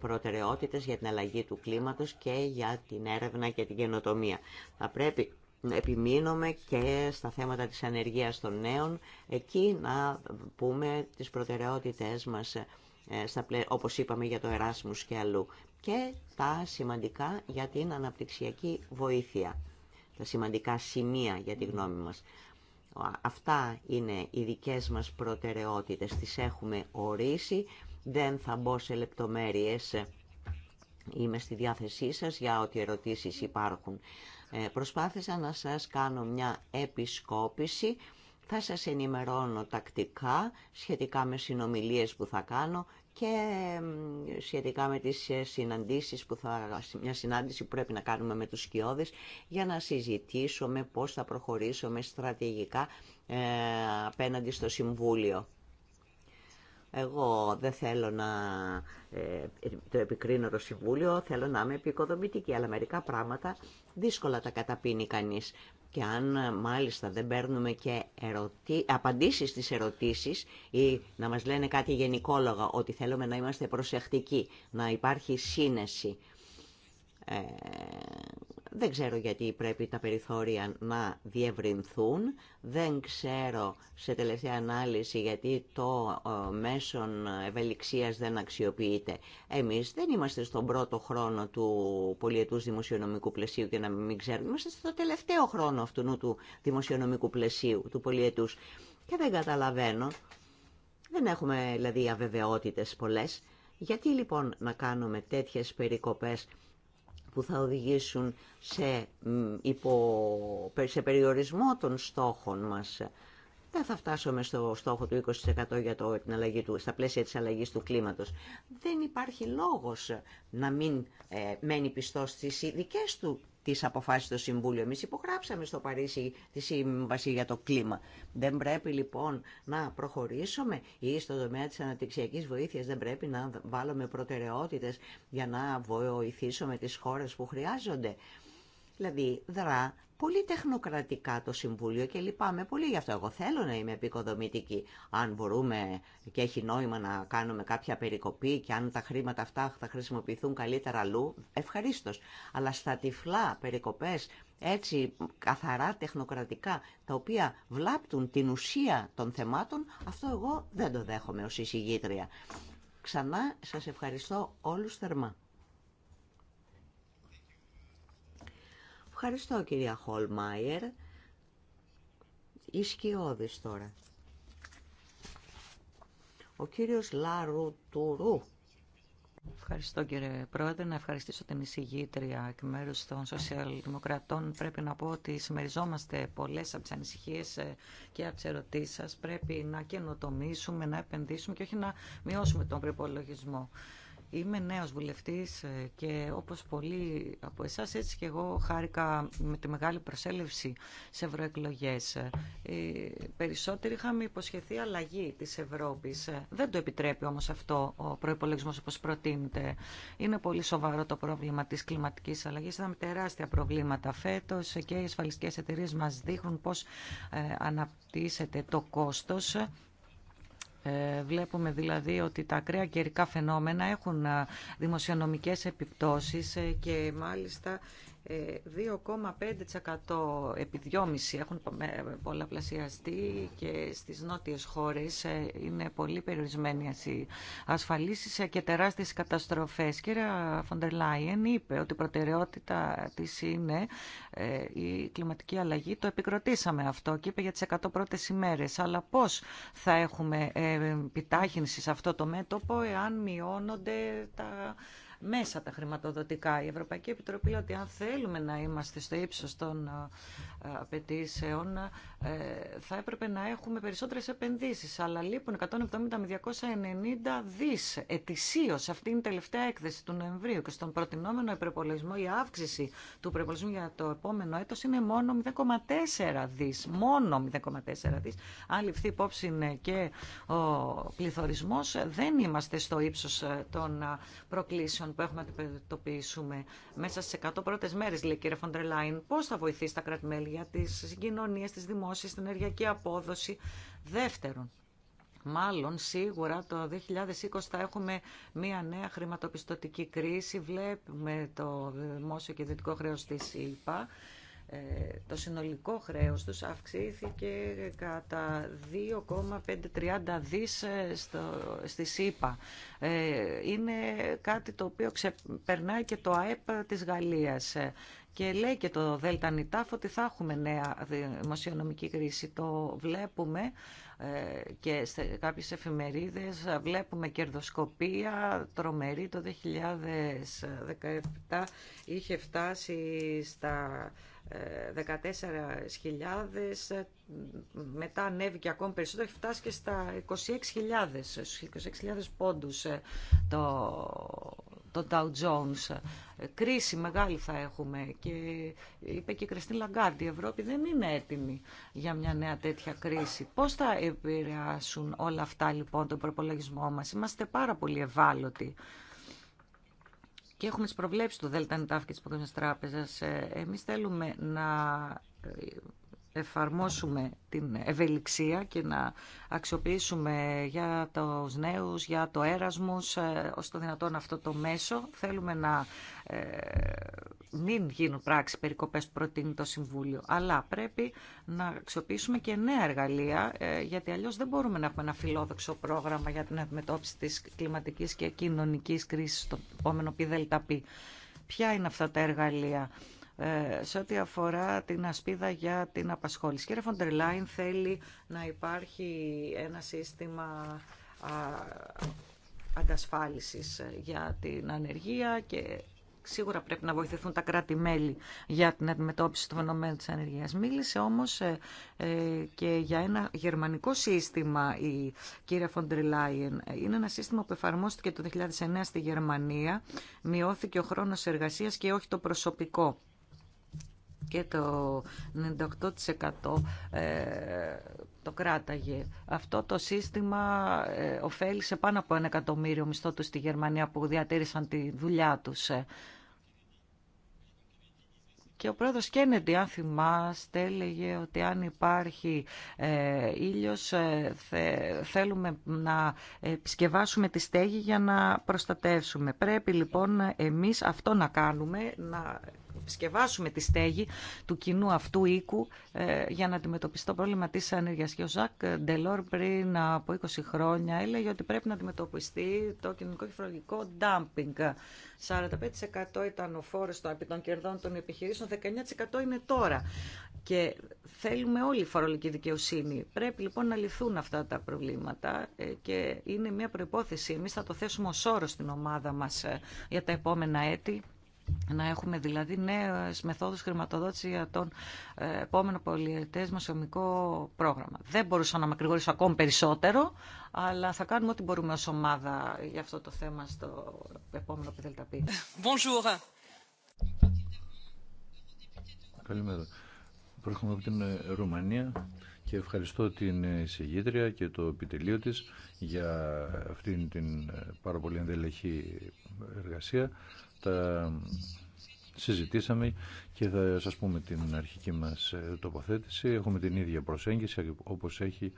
S4: προτεραιότητες για την αλλαγή του κλίματος και για την έρευνα και την καινοτομία. Θα πρέπει επιμείνουμε και στα θέματα της ανεργίας των νέων, εκεί να πούμε τις προτεραιότητές μας, ε, στα πλε... όπως είπαμε για το Εράσμους και αλλού, και τα σημαντικά για την αναπτυξιακή βοήθεια, τα σημαντικά σημεία για τη γνώμη μας. Αυτά είναι οι δικές μας προτεραιότητες, τις έχουμε ορίσει, δεν θα μπω σε λεπτομέρειες, ε, είμαι στη διάθεσή σας για ό,τι ερωτήσεις υπάρχουν. Ε, προσπάθησα να σας κάνω μια επισκόπηση. Θα σας ενημερώνω τακτικά σχετικά με συνομιλίες που θα κάνω και σχετικά με τις ε, συναντήσεις που θα, μια συνάντηση που πρέπει να κάνουμε με τους σκιώδες για να συζητήσουμε πώς θα προχωρήσουμε στρατηγικά ε, απέναντι στο Συμβούλιο. Εγώ δεν θέλω να ε, το επικρίνω το Συμβούλιο, θέλω να είμαι επικοδομητική, αλλά μερικά πράγματα δύσκολα τα καταπίνει κανείς. Και αν ε, μάλιστα δεν παίρνουμε και ερωτη... απαντήσεις στις ερωτήσεις ή να μας λένε κάτι γενικόλογα, ότι θέλουμε να είμαστε προσεκτικοί, να υπάρχει σύνεση. Ε, δεν ξέρω γιατί πρέπει τα περιθώρια να διευρυνθούν. Δεν ξέρω σε τελευταία ανάλυση γιατί το ε, μέσον ευελιξίας δεν αξιοποιείται. Εμείς δεν είμαστε στον πρώτο χρόνο του πολιετούς δημοσιονομικού πλαισίου και να μην ξέρουμε. Είμαστε στο τελευταίο χρόνο αυτού του δημοσιονομικού πλαισίου, του πολιετούς. Και δεν καταλαβαίνω. Δεν έχουμε δηλαδή αβεβαιότητες πολλές. Γιατί λοιπόν να κάνουμε τέτοιες περικοπές που θα οδηγήσουν σε, υπο, σε περιορισμό των στόχων μας. Δεν θα φτάσουμε στο στόχο του 20% για το, την αλλαγή του, στα πλαίσια της αλλαγής του κλίματος. Δεν υπάρχει λόγος να μην ε, μένει πιστός στις ειδικέ του τις αποφάσεις του Συμβούλιο. Εμείς υπογράψαμε στο Παρίσι τη Σύμβαση για το κλίμα. Δεν πρέπει λοιπόν να προχωρήσουμε ή στο τομέα της αναπτυξιακής βοήθειας δεν πρέπει να βάλουμε προτεραιότητες για να βοηθήσουμε τις χώρες που χρειάζονται. Δηλαδή δρά πολύ τεχνοκρατικά το Συμβούλιο και λυπάμαι πολύ γι' αυτό. Εγώ θέλω να είμαι επικοδομητική. Αν μπορούμε και έχει νόημα να κάνουμε κάποια περικοπή και αν τα χρήματα αυτά θα χρησιμοποιηθούν καλύτερα αλλού, ευχαρίστω. Αλλά στα τυφλά περικοπές έτσι καθαρά τεχνοκρατικά, τα οποία βλάπτουν την ουσία των θεμάτων, αυτό εγώ δεν το δέχομαι ως εισηγήτρια. Ξανά σας ευχαριστώ όλους θερμά. Ευχαριστώ κυρία Χολμάιερ. Ισκιώδης τώρα. Ο κύριος Λάρου Τουρού.
S2: Ευχαριστώ κύριε Πρόεδρε. Να ευχαριστήσω την εισηγήτρια εκ μέρου των Σοσιαλδημοκρατών. Πρέπει να πω ότι συμμεριζόμαστε πολλέ από τι ανησυχίε ε, και από τι ερωτήσει σα. Πρέπει να καινοτομήσουμε, να επενδύσουμε και όχι να μειώσουμε τον προπολογισμό. Είμαι νέος βουλευτής ε, και όπως πολλοί από εσάς έτσι και εγώ χάρηκα με τη μεγάλη προσέλευση σε ευρωεκλογέ. Ε, περισσότεροι είχαμε υποσχεθεί αλλαγή της Ευρώπης. Ε, δεν το επιτρέπει όμως αυτό ο προϋπολογισμός όπως προτείνεται. Είναι πολύ σοβαρό το πρόβλημα της κλιματικής αλλαγής. Είδαμε τεράστια προβλήματα φέτος και οι ασφαλιστικές εταιρείε μας δείχνουν πώς αναπτύσσεται το κόστος ε, βλέπουμε δηλαδή ότι τα ακραία καιρικά φαινόμενα έχουν δημοσιονομικές επιπτώσεις ε, και μάλιστα 2,5% ε, επί 2,5% έχουν πολλαπλασιαστεί και στις νότιες χώρες ε, είναι πολύ περιορισμένοι οι ασφαλίσεις ε, και τεράστιες καταστροφές. Κύριε Φοντερ είπε ότι η προτεραιότητα της είναι η κλιματική αλλαγή. Το επικροτήσαμε αυτό και είπε για τις 100 πρώτες ημέρες. Αλλά πώς θα έχουμε επιτάχυνση σε αυτό το μέτωπο εάν μειώνονται τα μέσα τα χρηματοδοτικά. Η Ευρωπαϊκή Επιτροπή λέει ότι αν θέλουμε να είμαστε στο ύψο των ε, απαιτήσεων ε, θα έπρεπε να έχουμε περισσοτερε περισσότερε Αλλά λείπουν 170 με 290 δι ετησίω Αυτή είναι η τελευταία έκθεση του Νοεμβρίου και στον προτινόμενο προπολογισμό, η αύξηση του προπολογισμού για το επόμενο έτος είναι μόνο 0,4 δι. Μόνο 0,4 δι. Αν ληφθεί υπόψη και ο πληθωρισμός δεν είμαστε στο ύψο ε, των προκλήσεων που έχουμε να αντιμετωπίσουμε μέσα στι 100 πρώτε μέρε, λέει η κυρία Φοντρελάιν, πώ θα βοηθήσει τα κράτη-μέλη για τι συγκοινωνίε, τι δημόσιε, την ενεργειακή απόδοση. Δεύτερον, Μάλλον σίγουρα το 2020 θα έχουμε μία νέα χρηματοπιστωτική κρίση. Βλέπουμε το δημόσιο και ιδιωτικό χρέος της ΕΙΠΑ ε, το συνολικό χρέος τους αυξήθηκε κατά 2,530 δις ε, στη ΣΥΠΑ. Ε, είναι κάτι το οποίο ξεπερνάει και το ΑΕΠ της Γαλλίας. Και λέει και το Δέλτα Νιτάφ ότι θα έχουμε νέα δημοσιονομική κρίση. Το βλέπουμε ε, και σε κάποιες εφημερίδες, βλέπουμε κερδοσκοπία τρομερή. Το 2017 είχε φτάσει στα 14.000, ε, μετά ανέβηκε ακόμη περισσότερο, έχει φτάσει και στα 26.000, 26.000 πόντους ε, το το Dow Jones. Κρίση μεγάλη θα έχουμε και είπε και η Κριστίν Λαγκάρντι, η Ευρώπη δεν είναι έτοιμη για μια νέα τέτοια κρίση. Πώς θα επηρεάσουν όλα αυτά λοιπόν τον προπολογισμό μας. Είμαστε πάρα πολύ ευάλωτοι. Και έχουμε τις προβλέψεις του ΔΕΛΤΑΝΤΑΦ και της Παγκόσμιας Τράπεζας. Ε, εμείς θέλουμε να εφαρμόσουμε την ευελιξία και να αξιοποιήσουμε για τους νέους, για το έρασμος, ε, ως το δυνατόν αυτό το μέσο. Θέλουμε να ε, μην γίνουν πράξει περικοπές που προτείνει το Συμβούλιο, αλλά πρέπει να αξιοποιήσουμε και νέα εργαλεία, ε, γιατί αλλιώς δεν μπορούμε να έχουμε ένα φιλόδοξο πρόγραμμα για την αντιμετώπιση της κλιματικής και κοινωνικής κρίσης το επόμενο ΠΔΠ. Ποια είναι αυτά τα εργαλεία ε, σε ό,τι αφορά την ασπίδα για την απασχόληση. Κύριε Φοντερλάιν θέλει να υπάρχει ένα σύστημα αντασφάλισης για την ανεργία και σίγουρα πρέπει να βοηθηθούν τα κράτη-μέλη για την αντιμετώπιση του φαινομένου της ανεργίας. Μίλησε όμως ε, ε, και για ένα γερμανικό σύστημα η κυρία Φοντριλάιεν. Είναι ένα σύστημα που εφαρμόστηκε το 2009 στη Γερμανία. Μειώθηκε ο χρόνος εργασίας και όχι το προσωπικό και το 98% ε, το κράταγε. Αυτό το σύστημα ε, ωφέλησε πάνω από ένα εκατομμύριο του στη Γερμανία που διατήρησαν τη δουλειά τους. Και ο πρόεδρος Κέννεντι, αν θυμάστε, έλεγε ότι αν υπάρχει ε, ήλιος ε, θέλουμε να επισκευάσουμε τη στέγη για να προστατεύσουμε. Πρέπει λοιπόν εμείς αυτό να κάνουμε, να επισκευάσουμε τη στέγη του κοινού αυτού οίκου ε, για να αντιμετωπιστεί το πρόβλημα της ανεργία. Και ο Ζακ Ντελόρ πριν από 20 χρόνια έλεγε ότι πρέπει να αντιμετωπιστεί το κοινωνικό και φορολογικό ντάμπινγκ. 45% ήταν ο φόρος των κερδών των επιχειρήσεων, 19% είναι τώρα. Και θέλουμε όλη η φορολογική δικαιοσύνη. Πρέπει λοιπόν να λυθούν αυτά τα προβλήματα ε, και είναι μια προϋπόθεση. Εμείς θα το θέσουμε ως όρο στην ομάδα μας ε, για τα επόμενα έτη να έχουμε δηλαδή νέες μεθόδους χρηματοδότηση για τον ε, επόμενο πολιετές μασιομικό πρόγραμμα. Δεν μπορούσα να μακρηγορήσω ακόμη περισσότερο, αλλά θα κάνουμε ό,τι μπορούμε ως ομάδα για αυτό το θέμα στο επόμενο ΠΔΕΛΤΑΠΗ. Bonjour.
S3: Καλημέρα. Προέρχομαι από την ε, Ρουμανία και ευχαριστώ την εισηγήτρια και το επιτελείο της για αυτήν την ε, πάρα πολύ ενδελεχή εργασία τα συζητήσαμε και θα σας πούμε την αρχική μας τοποθέτηση. Έχουμε την ίδια προσέγγιση όπως έχει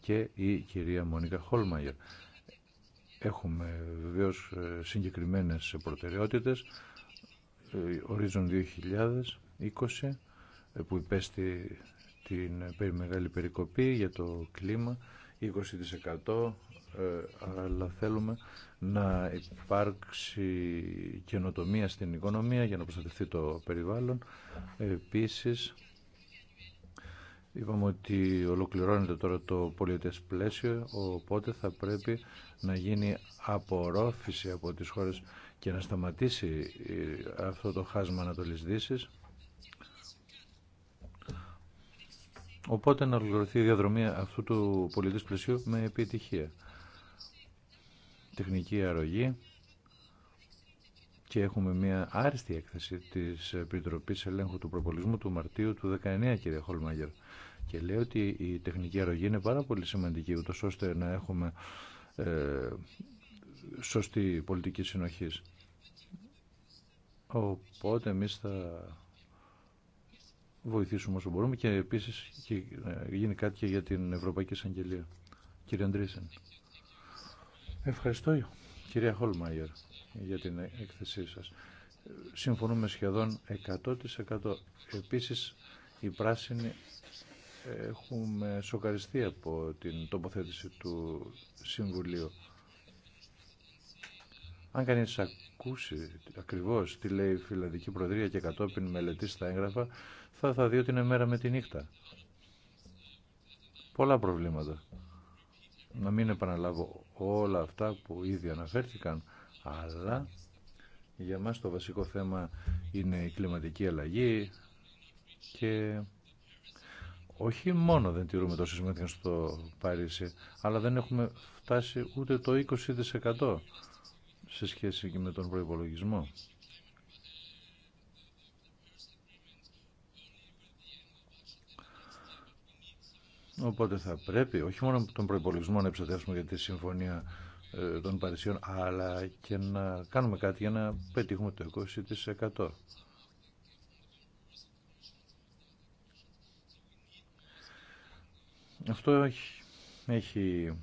S3: και η κυρία Μονίκα Χόλμαγερ. Έχουμε βεβαίω συγκεκριμένες προτεραιότητες, ορίζον 2020 που υπέστη την μεγάλη περικοπή για το κλίμα, 20% ε, αλλά θέλουμε να υπάρξει καινοτομία στην οικονομία για να προστατευτεί το περιβάλλον. Επίσης, είπαμε ότι ολοκληρώνεται τώρα το πολιτές πλαίσιο, οπότε θα πρέπει να γίνει απορρόφηση από τις χώρες και να σταματήσει ε, αυτό το χάσμα Ανατολής Δύσης. Οπότε να ολοκληρωθεί η διαδρομή αυτού του πολιτής πλαισίου με επιτυχία τεχνική αρρωγή και έχουμε μια άριστη έκθεση της Επιτροπής Ελέγχου του Προπολισμού του Μαρτίου του 19 κύριε Χολμάγερ και λέει ότι η τεχνική αρρωγή είναι πάρα πολύ σημαντική ούτως ώστε να έχουμε ε, σωστή πολιτική συνοχή. Οπότε εμεί θα βοηθήσουμε όσο μπορούμε και επίσης και, ε, γίνει κάτι και για την Ευρωπαϊκή Εισαγγελία. Κύριε Αντρίσεν. Ευχαριστώ κυρία Χόλμαγερ για την έκθεσή σας. Συμφωνούμε σχεδόν 100%. Επίσης οι πράσινοι έχουμε σοκαριστεί από την τοποθέτηση του Συμβουλίου. Αν κανείς ακούσει ακριβώς τι λέει η Φιλανδική Προεδρία και κατόπιν μελετήσει τα έγγραφα, θα, θα δει ότι είναι μέρα με τη νύχτα. Πολλά προβλήματα να μην επαναλάβω όλα αυτά που ήδη αναφέρθηκαν, αλλά για μας το βασικό θέμα είναι η κλιματική αλλαγή και όχι μόνο δεν τηρούμε το σύστημα στο Παρίσι, αλλά δεν έχουμε φτάσει ούτε το 20% σε σχέση με τον προϋπολογισμό. Οπότε θα πρέπει όχι μόνο τον προπολογισμό να επιστατεύσουμε για τη συμφωνία ε, των Παρισιών, αλλά και να κάνουμε κάτι για να πετύχουμε το 20%. Αυτό έχει, έχει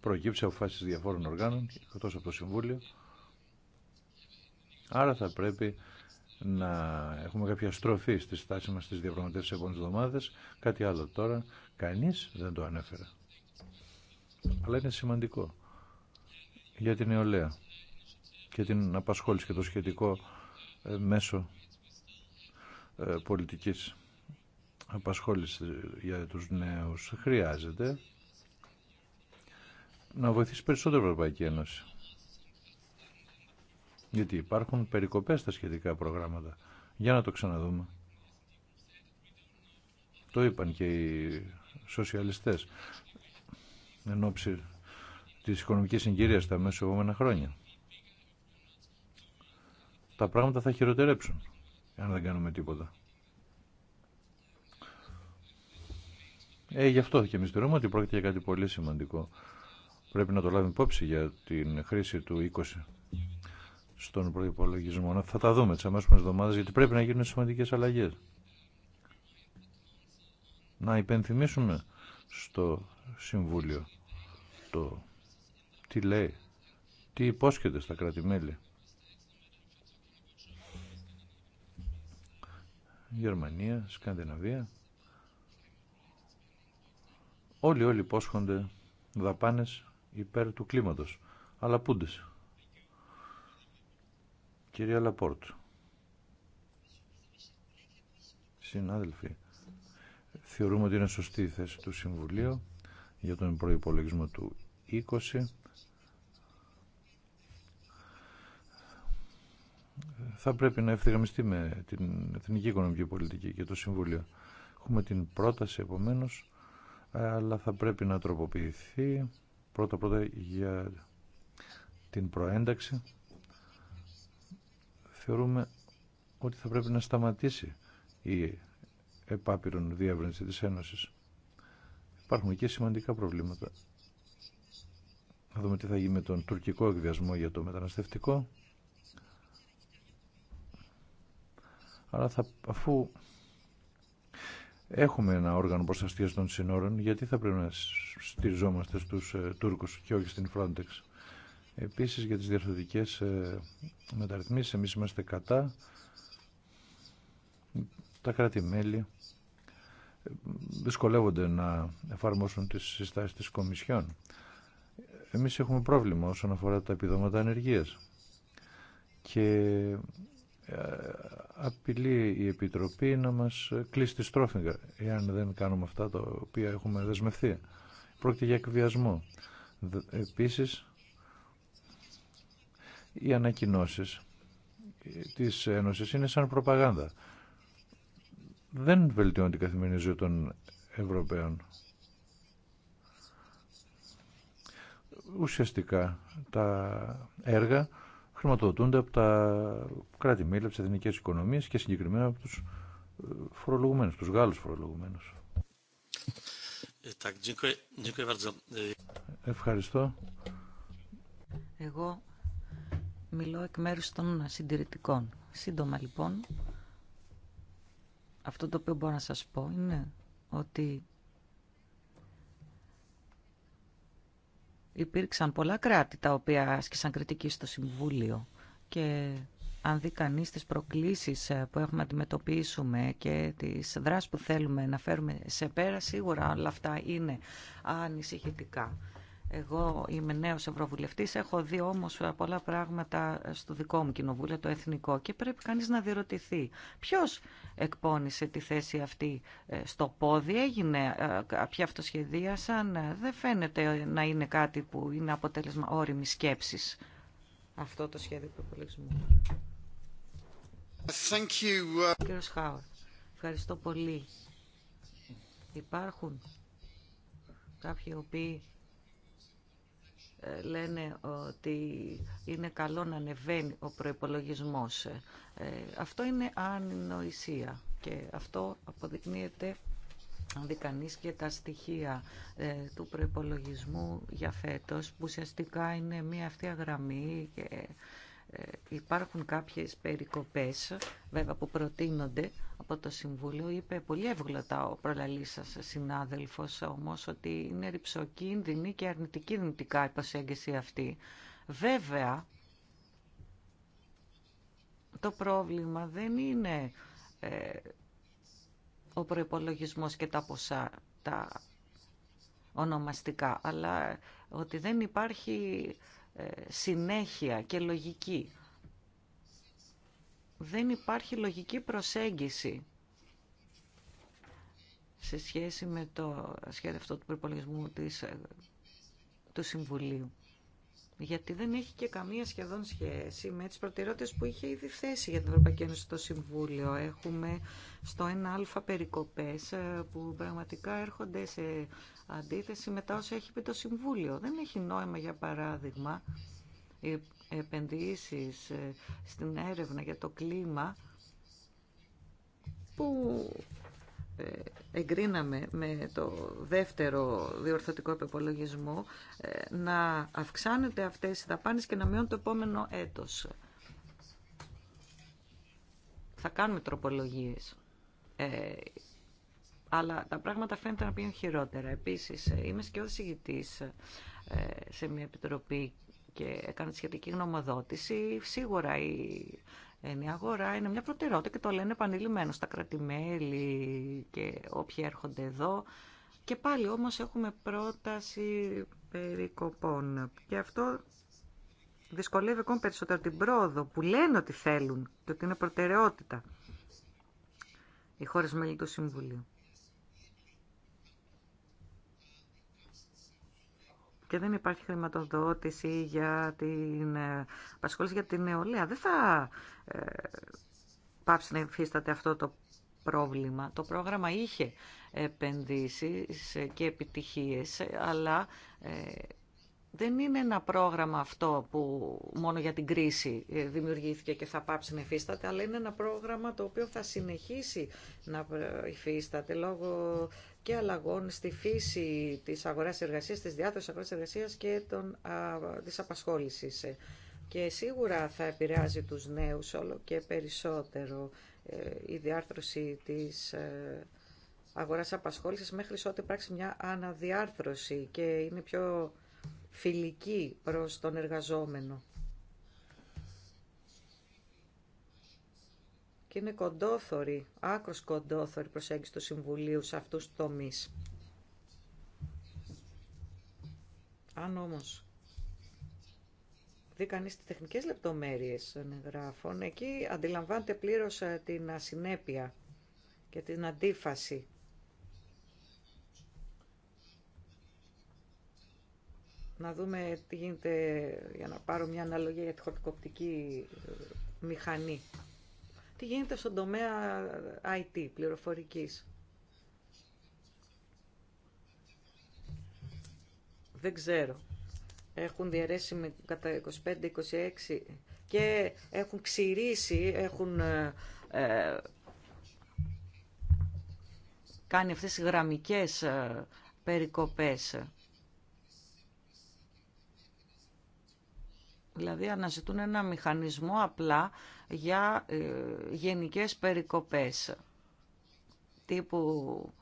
S3: προκύψει φάσεις διαφόρων οργάνων, εκτό από το Συμβούλιο. Άρα θα πρέπει να έχουμε κάποια στροφή στη στάση μας στις διαπραγματεύσεις επόμενες εβδομάδες. Κάτι άλλο τώρα, κανείς δεν το ανέφερε. Αλλά είναι σημαντικό για την νεολαία και την απασχόληση και το σχετικό ε, μέσο ε, πολιτικής απασχόληση ε, για τους νέους. Χρειάζεται να βοηθήσει περισσότερο η Ευρωπαϊκή Ένωση γιατί υπάρχουν περικοπές στα σχετικά προγράμματα. Για να το ξαναδούμε. Το είπαν και οι σοσιαλιστές εν ώψη της οικονομικής συγκυρίας τα μέσα επόμενα χρόνια. Τα πράγματα θα χειροτερέψουν αν δεν κάνουμε τίποτα. Ε, γι' αυτό και εμείς θεωρούμε ότι πρόκειται για κάτι πολύ σημαντικό. Πρέπει να το λάβουμε υπόψη για την χρήση του 20 στον προπολογισμό. Θα τα δούμε τι αμέσως εβδομάδες γιατί πρέπει να γίνουν σημαντικές αλλαγές. Να υπενθυμίσουμε στο Συμβούλιο το τι λέει, τι υπόσχεται στα κρατημέλη. Γερμανία, Σκανδιναβία. Όλοι όλοι υπόσχονται δαπάνες υπέρ του κλίματος, αλλά πούντες. Κυρία Λαπόρτ, Συνάδελφοι, θεωρούμε ότι είναι σωστή η θέση του Συμβουλίου για τον προϋπολογισμό του 20. Θα πρέπει να ευθυγραμμιστεί με την Εθνική Οικονομική Πολιτική και το Συμβούλιο. Έχουμε την πρόταση επομένως, αλλά θα πρέπει να τροποποιηθεί πρώτα-πρώτα για την προένταξη θεωρούμε ότι θα πρέπει να σταματήσει η επάπειρον διεύρυνση της Ένωσης. Υπάρχουν και σημαντικά προβλήματα. Θα δούμε τι θα γίνει με τον τουρκικό εκβιασμό για το μεταναστευτικό. Αλλά θα, αφού έχουμε ένα όργανο προστασίας των συνόρων, γιατί θα πρέπει να στηριζόμαστε στους ε, Τούρκους και όχι στην Frontex. Επίσης για τις διαρθωτικές ε, μεταρρυθμίσεις εμείς είμαστε κατά τα κράτη-μέλη ε, δυσκολεύονται να εφαρμόσουν τις συστάσεις της Κομισιόν. Εμείς έχουμε πρόβλημα όσον αφορά τα επιδόματα ανεργίας και ε, απειλεί η Επιτροπή να μας κλείσει τη στρόφιγγα εάν δεν κάνουμε αυτά τα οποία έχουμε δεσμευθεί. Πρόκειται για εκβιασμό. Επίσης, οι ανακοινώσεις της Ένωσης είναι σαν προπαγάνδα. Δεν βελτιώνει την καθημερινή ζωή των Ευρωπαίων. Ουσιαστικά τα έργα χρηματοδοτούνται από τα κράτη-μέλη, από τι εθνικέ οικονομίε και συγκεκριμένα από του ε, φορολογουμένου, του Γάλλου φορολογουμένου. Ε, ε, Ευχαριστώ.
S2: Εγώ Μιλώ εκ μέρους των συντηρητικών. Σύντομα λοιπόν, αυτό το οποίο μπορώ να σας πω είναι ότι υπήρξαν πολλά κράτη τα οποία άσκησαν κριτική στο Συμβούλιο και αν δει κανείς τις προκλήσεις ε, που έχουμε να αντιμετωπίσουμε και τις δράσεις που θέλουμε να φέρουμε σε πέρα, σίγουρα όλα αυτά είναι ανησυχητικά. Εγώ είμαι νέο ευρωβουλευτή, έχω δει όμως πολλά πράγματα στο δικό μου κοινοβούλιο, το εθνικό, και πρέπει κανείς να διερωτηθεί ποιος εκπώνησε τη θέση αυτή ε, στο πόδι, έγινε ε, κάποια αυτοσχεδίασαν, ε, δεν φαίνεται να είναι κάτι που είναι αποτέλεσμα όρημη σκέψης αυτό το σχέδιο προπολογισμού. Uh, Κύριο Χάουρ, ευχαριστώ πολύ. Υπάρχουν κάποιοι οποίοι λένε ότι είναι καλό να ανεβαίνει ο προϋπολογισμός. Ε, αυτό είναι ανοησία και αυτό αποδεικνύεται αν δει και τα στοιχεία ε, του προεπολογισμού για φέτος, που ουσιαστικά είναι μια αυτή γραμμή και ε, υπάρχουν κάποιες περικοπές, βέβαια, που προτείνονται από το Συμβούλιο είπε πολύ εύγλωτα ο προλαλής σας συνάδελφος όμως ότι είναι ρηψοκίνδυνη και αρνητική δυνητικά η προσέγγιση αυτή. Βέβαια, το πρόβλημα δεν είναι ε, ο προπολογισμό και τα ποσά, τα ονομαστικά, αλλά ότι δεν υπάρχει ε, συνέχεια και λογική δεν υπάρχει λογική προσέγγιση σε σχέση με το σχέδιο αυτό του προπολογισμού της, ε, του Συμβουλίου. Γιατί δεν έχει και καμία σχεδόν σχέση με τις προτεραιότητες που είχε ήδη θέσει για την Ευρωπαϊκή Ένωση το Συμβούλιο. Έχουμε στο 1α περικοπές ε, που πραγματικά έρχονται σε αντίθεση με τα όσα έχει πει το Συμβούλιο. Δεν έχει νόημα, για παράδειγμα, οι ε, επενδύσεις ε, στην έρευνα για το κλίμα που ε, εγκρίναμε με το δεύτερο διορθωτικό επεπολογισμό να αυξάνεται αυτές οι δαπάνες και να μειώνει το επόμενο έτος. Θα κάνουμε τροπολογίες. Ε, αλλά τα πράγματα φαίνεται να πηγαίνουν χειρότερα. Επίσης, είμαι και ηγητής σε μια επιτροπή και έκανε τη σχετική γνωμοδότηση, σίγουρα η η αγορά είναι μια προτεραιότητα και το λένε επανειλημμένο στα κρατημέλη και όποιοι έρχονται εδώ. Και πάλι όμως έχουμε πρόταση περικοπών. Και αυτό δυσκολεύει ακόμα περισσότερο την πρόοδο που λένε ότι θέλουν και ότι είναι προτεραιότητα οι χώρες μέλη του Συμβουλίου. και δεν υπάρχει χρηματοδότηση για την ε, απασχόληση για την νεολαία, δεν θα ε, πάψει να εμφίσταται αυτό το πρόβλημα. Το πρόγραμμα είχε επενδύσεις και επιτυχίες, αλλά ε, δεν είναι ένα πρόγραμμα αυτό που μόνο για την κρίση δημιουργήθηκε και θα πάψει να υφίσταται, αλλά είναι ένα πρόγραμμα το οποίο θα συνεχίσει να υφίσταται λόγω και αλλαγών στη φύση της αγοράς εργασίας, της διάθεσης αγοράς εργασίας και των, α, απασχόλησης. Και σίγουρα θα επηρεάζει τους νέους όλο και περισσότερο ε, η διάρθρωση της ε, αγοράς απασχόλησης μέχρι ότι υπάρξει μια αναδιάρθρωση και είναι πιο φιλική προς τον εργαζόμενο. και είναι κοντόθωρη, άκρος κοντόθωρη προσέγγιση του Συμβουλίου σε αυτούς τους τομείς. Αν όμως δει κανεί τι τεχνικές λεπτομέρειες των εγγράφων, εκεί αντιλαμβάνεται πλήρως ε, την ασυνέπεια και την αντίφαση. Να δούμε τι γίνεται για να πάρω μια αναλογία για τη χορτικοπτική ε, μηχανή τι γίνεται στον τομέα IT, πληροφορικής. Δεν ξέρω. Έχουν διαρρέσει με κατά 25-26 και έχουν ξηρίσει, έχουν ε, ε, κάνει αυτές τις γραμμικές ε, περικοπές. Δηλαδή αναζητούν ένα μηχανισμό απλά για ε, γενικές περικοπές τύπου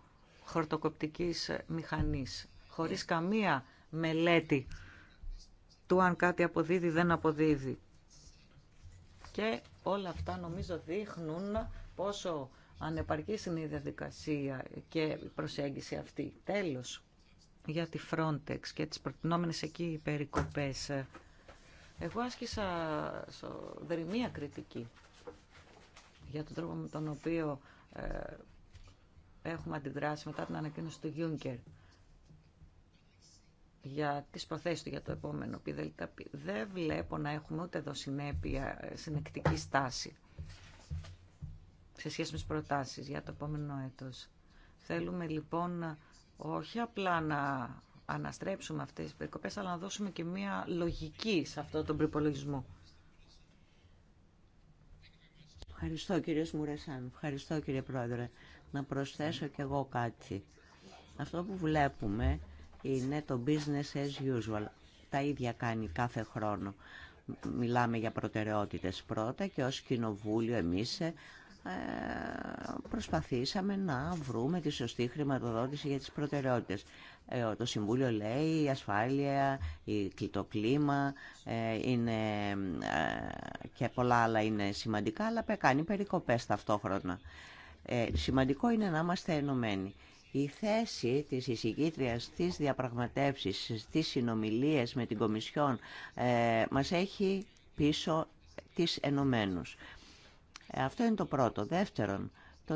S2: χορτοκοπτικής μηχανής, χωρίς καμία μελέτη του αν κάτι αποδίδει δεν αποδίδει. Και όλα αυτά νομίζω δείχνουν πόσο ανεπαρκή είναι η διαδικασία και η προσέγγιση αυτή. Τέλος, για τη Frontex και τις προτινόμενες εκεί περικοπές εγώ άσκησα δερμία κριτική για τον τρόπο με τον οποίο ε, έχουμε αντιδράσει μετά την ανακοίνωση του Γιούνκερ για τις προθέσεις του για το επόμενο ΠΔΠ. Δεν βλέπω να έχουμε ούτε εδώ συνέπεια, ε, συνεκτική στάση σε σχέση με τις προτάσεις για το επόμενο έτος. Θέλουμε λοιπόν όχι απλά να αναστρέψουμε αυτές τις περικοπές, αλλά να δώσουμε και μία λογική σε αυτό τον προπολογισμό.
S4: Ευχαριστώ κύριε Σμουρεσάν, ευχαριστώ κύριε Πρόεδρε. Να προσθέσω κι εγώ κάτι. Αυτό που βλέπουμε είναι το business as usual. Τα ίδια κάνει κάθε χρόνο. Μιλάμε για προτεραιότητες πρώτα και ως κοινοβούλιο εμείς ε, προσπαθήσαμε να βρούμε τη σωστή χρηματοδότηση για τις προτεραιότητες. Ε, το Συμβούλιο λέει η ασφάλεια, το κλίμα ε, είναι, ε, και πολλά άλλα είναι σημαντικά, αλλά κάνει περικοπές ταυτόχρονα. σημαντικό είναι να είμαστε ενωμένοι. Η θέση της εισηγήτριας της διαπραγματεύσεις, στις συνομιλίες με την Κομισιόν μας έχει πίσω τις ενωμένους. αυτό είναι το πρώτο. Δεύτερον, το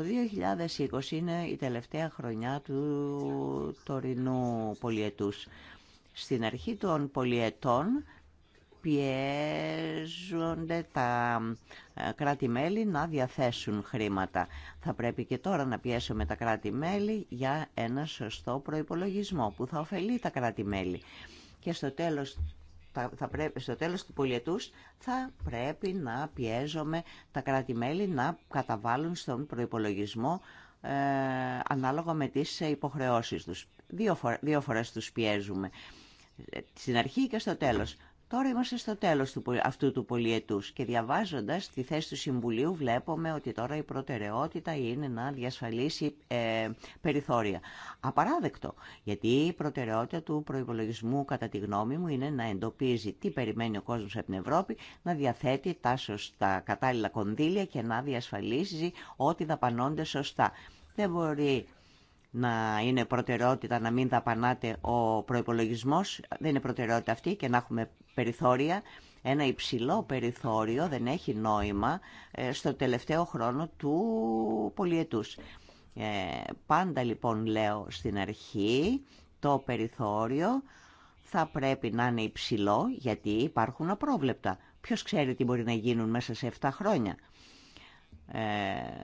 S4: 2020 είναι η τελευταία χρονιά του τωρινού πολιετούς. Στην αρχή των πολιετών πιέζονται τα ε, κράτη-μέλη να διαθέσουν χρήματα. Θα πρέπει και τώρα να πιέσουμε τα κράτη-μέλη για ένα σωστό προϋπολογισμό που θα ωφελεί τα κράτη-μέλη. Και στο τέλος θα στο τέλος του πολιετούς θα πρέπει να πιέζομαι τα κράτη-μέλη να καταβάλουν στον προϋπολογισμό ε, ανάλογα με τις υποχρεώσεις τους. Δύο, δύο φορές τους πιέζουμε. Ε, στην αρχή και στο τέλος. Τώρα είμαστε στο τέλος του, αυτού του πολιετούς και διαβάζοντας τη θέση του Συμβουλίου βλέπουμε ότι τώρα η προτεραιότητα είναι να διασφαλίσει ε, περιθώρια. Απαράδεκτο, γιατί η προτεραιότητα του προϋπολογισμού κατά τη γνώμη μου είναι να εντοπίζει τι περιμένει ο κόσμος από την Ευρώπη, να διαθέτει τα, κατάλληλα κονδύλια και να διασφαλίσει ότι δαπανώνται σωστά. Δεν μπορεί να είναι προτεραιότητα να μην δαπανάτε ο προϋπολογισμός, δεν είναι προτεραιότητα αυτή και να έχουμε περιθώρια. Ένα υψηλό περιθώριο δεν έχει νόημα ε, στο τελευταίο χρόνο του πολιετούς. Ε, πάντα λοιπόν λέω στην αρχή το περιθώριο θα πρέπει να είναι υψηλό γιατί υπάρχουν απρόβλεπτα. Ποιος ξέρει τι μπορεί να γίνουν μέσα σε 7 χρόνια. Ε,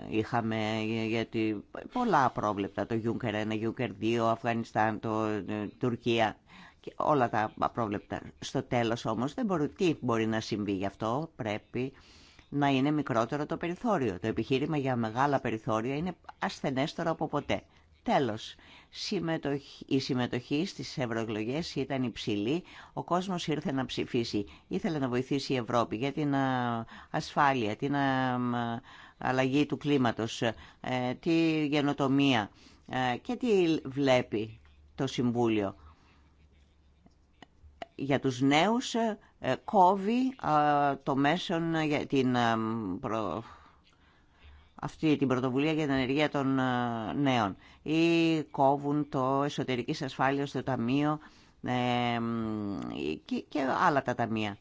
S4: είχαμε γιατί πολλά απρόβλεπτα το Juncker 1, Juncker 2, Αφγανιστάν, το, ε, Τουρκία και όλα τα απρόβλεπτα Στο τέλος όμως δεν μπορεί, τι μπορεί να συμβεί γι' αυτό πρέπει να είναι μικρότερο το περιθώριο. Το επιχείρημα για μεγάλα περιθώρια είναι ασθενέστερο από ποτέ. Τέλος, η συμμετοχή στις ευρωεκλογέ ήταν υψηλή, ο κόσμος ήρθε να ψηφίσει, ήθελε να βοηθήσει η Ευρώπη για την ασφάλεια, την αλλαγή του κλίματος, ε, τη γενοτομία ε, και τι βλέπει το Συμβούλιο. Για τους νέους ε, κόβει το μέσον για την, αυτή την πρωτοβουλία για την ενεργεία των νέων ή κόβουν το εσωτερικής ασφάλειας στο ταμείο και, άλλα τα ταμεία.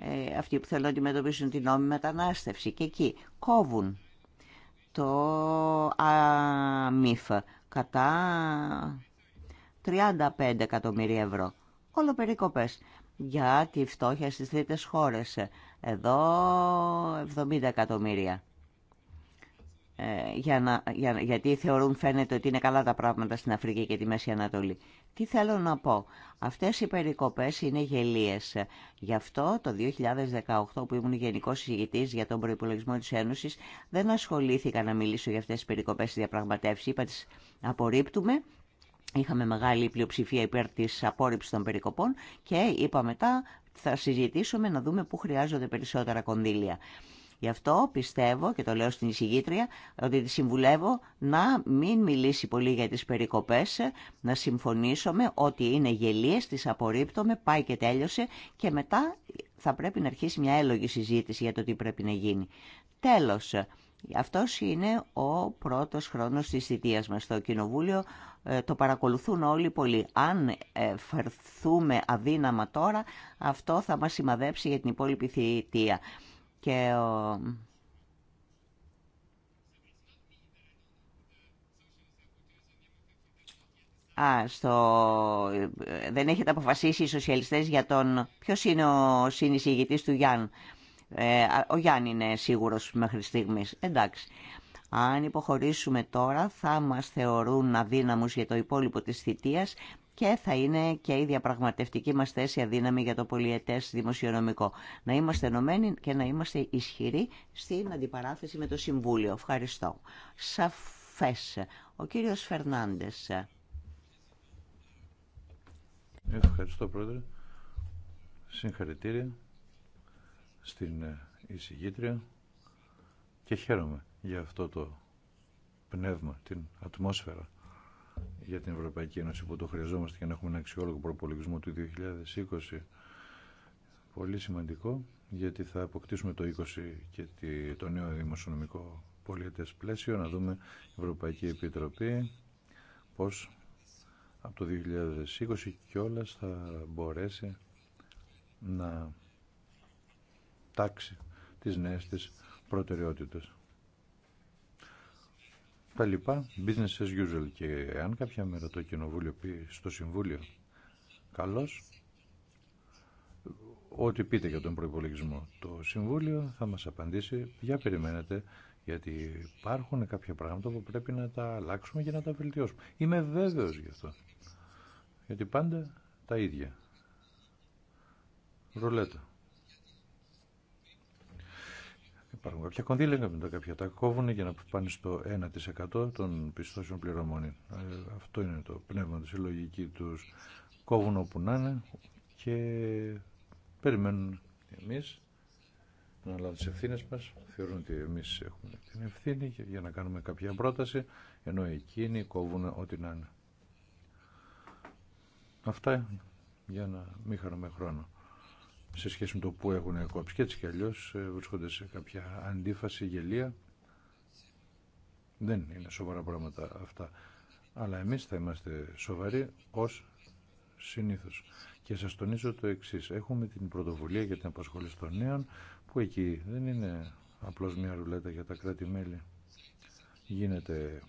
S4: Ε, αυτοί που θέλουν να αντιμετωπίσουν την νόμιμη μετανάστευση και εκεί κόβουν το αμύφ κατά 35 εκατομμύρια ευρώ. Όλο περίκοπες για τη φτώχεια στις τρίτες χώρες. Εδώ 70 εκατομμύρια. Ε, για να, γιατί θεωρούν φαίνεται ότι είναι καλά τα πράγματα στην Αφρική και τη Μέση Ανατολή. Τι θέλω να πω. Αυτές οι περικοπές είναι γελίες. Γι' αυτό το 2018 που ήμουν γενικό συζητητή για τον προϋπολογισμό της Ένωσης δεν ασχολήθηκα να μιλήσω για αυτές τις περικοπές στη διαπραγματεύση. Είπα τις απορρίπτουμε. Είχαμε μεγάλη πλειοψηφία υπέρ της απόρριψης των περικοπών και είπα μετά θα συζητήσουμε να δούμε πού χρειάζονται περισσότερα κονδύλια. Γι' αυτό πιστεύω και το λέω στην εισηγήτρια ότι τη συμβουλεύω να μην μιλήσει πολύ για τις περικοπές, να συμφωνήσουμε ότι είναι γελίες, τις απορρίπτουμε, πάει και τέλειωσε και μετά θα πρέπει να αρχίσει μια έλογη συζήτηση για το τι πρέπει να γίνει. Τέλος, αυτός είναι ο πρώτος χρόνος της θητείας μας στο Κοινοβούλιο. Ε, το παρακολουθούν όλοι πολύ. Αν φερθούμε αδύναμα τώρα, αυτό θα μας σημαδέψει για την υπόλοιπη θητεία και ο... στο... δεν έχετε αποφασίσει οι σοσιαλιστές για τον... Ποιος είναι ο συνεισηγητής του Γιάν Ε, ο Γιάνν είναι σίγουρος μέχρι στιγμής. Εντάξει. Αν υποχωρήσουμε τώρα θα μας θεωρούν αδύναμους για το υπόλοιπο της θητείας και θα είναι και η διαπραγματευτική μας θέση αδύναμη για το πολιετές δημοσιονομικό. Να είμαστε ενωμένοι και να είμαστε ισχυροί στην αντιπαράθεση με το Συμβούλιο. Ευχαριστώ. Σαφές. Ο κύριος Φερνάντες. Ευχαριστώ πρόεδρε. Συγχαρητήρια στην ε,
S3: εισηγήτρια και χαίρομαι για αυτό το πνεύμα, την ατμόσφαιρα για την Ευρωπαϊκή Ένωση που το χρειαζόμαστε για να έχουμε ένα αξιόλογο προπολογισμό του 2020. Πολύ σημαντικό γιατί θα αποκτήσουμε το 20 και το νέο δημοσιονομικό πολιτες πλαίσιο να δούμε η Ευρωπαϊκή Επιτροπή πώς από το 2020 κιόλας θα μπορέσει να τάξει τις νέες της προτεραιότητες τα λοιπά, business as usual. Και αν κάποια μέρα το κοινοβούλιο πει στο Συμβούλιο, καλώς, ό,τι πείτε για τον προϋπολογισμό, το Συμβούλιο θα μας απαντήσει, για περιμένετε, γιατί υπάρχουν κάποια πράγματα που πρέπει να τα αλλάξουμε και να τα βελτιώσουμε. Είμαι βέβαιος γι' αυτό. Γιατί πάντα τα ίδια. Ρολέτα. Υπάρχουν κάποια κονδύλια, κάποια, κάποια τα κόβουν για να πάνε στο 1% των πιστώσεων πληρωμών. Ε, αυτό είναι το πνεύμα του, η λογική τους. Κόβουν όπου να είναι και περιμένουν εμείς να λάβουμε τι ευθύνες μας. Θεωρούν ότι εμείς έχουμε την ευθύνη για να κάνουμε κάποια πρόταση, ενώ εκείνοι κόβουν ό,τι να είναι. Αυτά για να μην χάνουμε χρόνο σε σχέση με το που έχουν κόψει και έτσι κι αλλιώ ε, βρίσκονται σε κάποια αντίφαση, γελία. Δεν είναι σοβαρά πράγματα αυτά. Αλλά εμείς θα είμαστε σοβαροί ως συνήθως. Και σας τονίζω το εξής. Έχουμε την πρωτοβουλία για την απασχόληση των νέων που εκεί δεν είναι απλώς μια ρουλέτα για τα κράτη-μέλη. Γίνεται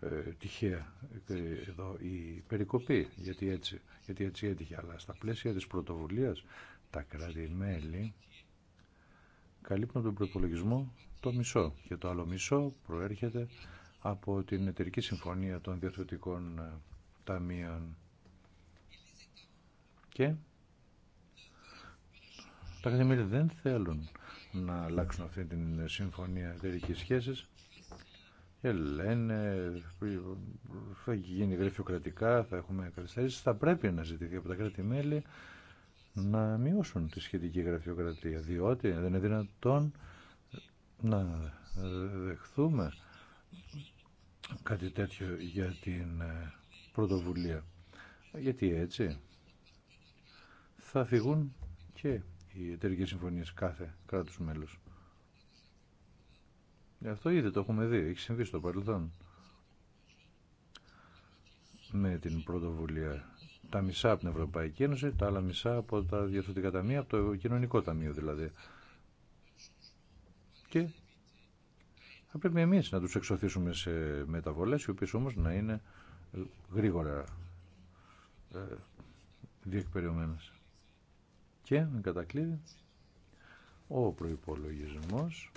S3: ε, τυχαία ε, εδώ η περικοπή γιατί έτσι, γιατί έτσι έτυχε. Αλλά στα πλαίσια της πρωτοβουλίας τα κράτη-μέλη καλύπτουν τον προπολογισμό το μισό και το άλλο μισό προέρχεται από την εταιρική συμφωνία των διαθετικών ε, ταμείων και τα κράτη-μέλη δεν θέλουν να αλλάξουν αυτή την συμφωνία εταιρικής σχέσης και λένε θα γίνει γραφειοκρατικά, θα έχουμε καθυστερήσει. Θα πρέπει να ζητηθεί από τα κράτη-μέλη να μειώσουν τη σχετική γραφειοκρατία, διότι δεν είναι δυνατόν να δεχθούμε κάτι τέτοιο για την ε, πρωτοβουλία. Γιατί έτσι θα φυγούν και οι εταιρικές συμφωνίες κάθε κράτους μέλους. Αυτό ήδη το έχουμε δει, έχει συμβεί στο παρελθόν. Με την πρωτοβουλία τα μισά από την Ευρωπαϊκή Ένωση, τα άλλα μισά από τα διορθωτικά ταμεία, από το κοινωνικό ταμείο δηλαδή. Και θα πρέπει εμείς να τους εξωθήσουμε σε μεταβολές, οι οποίες όμως να είναι γρήγορα ε, διεκπεριωμένες. Και, με κατακλείδη, ο προϋπολογισμός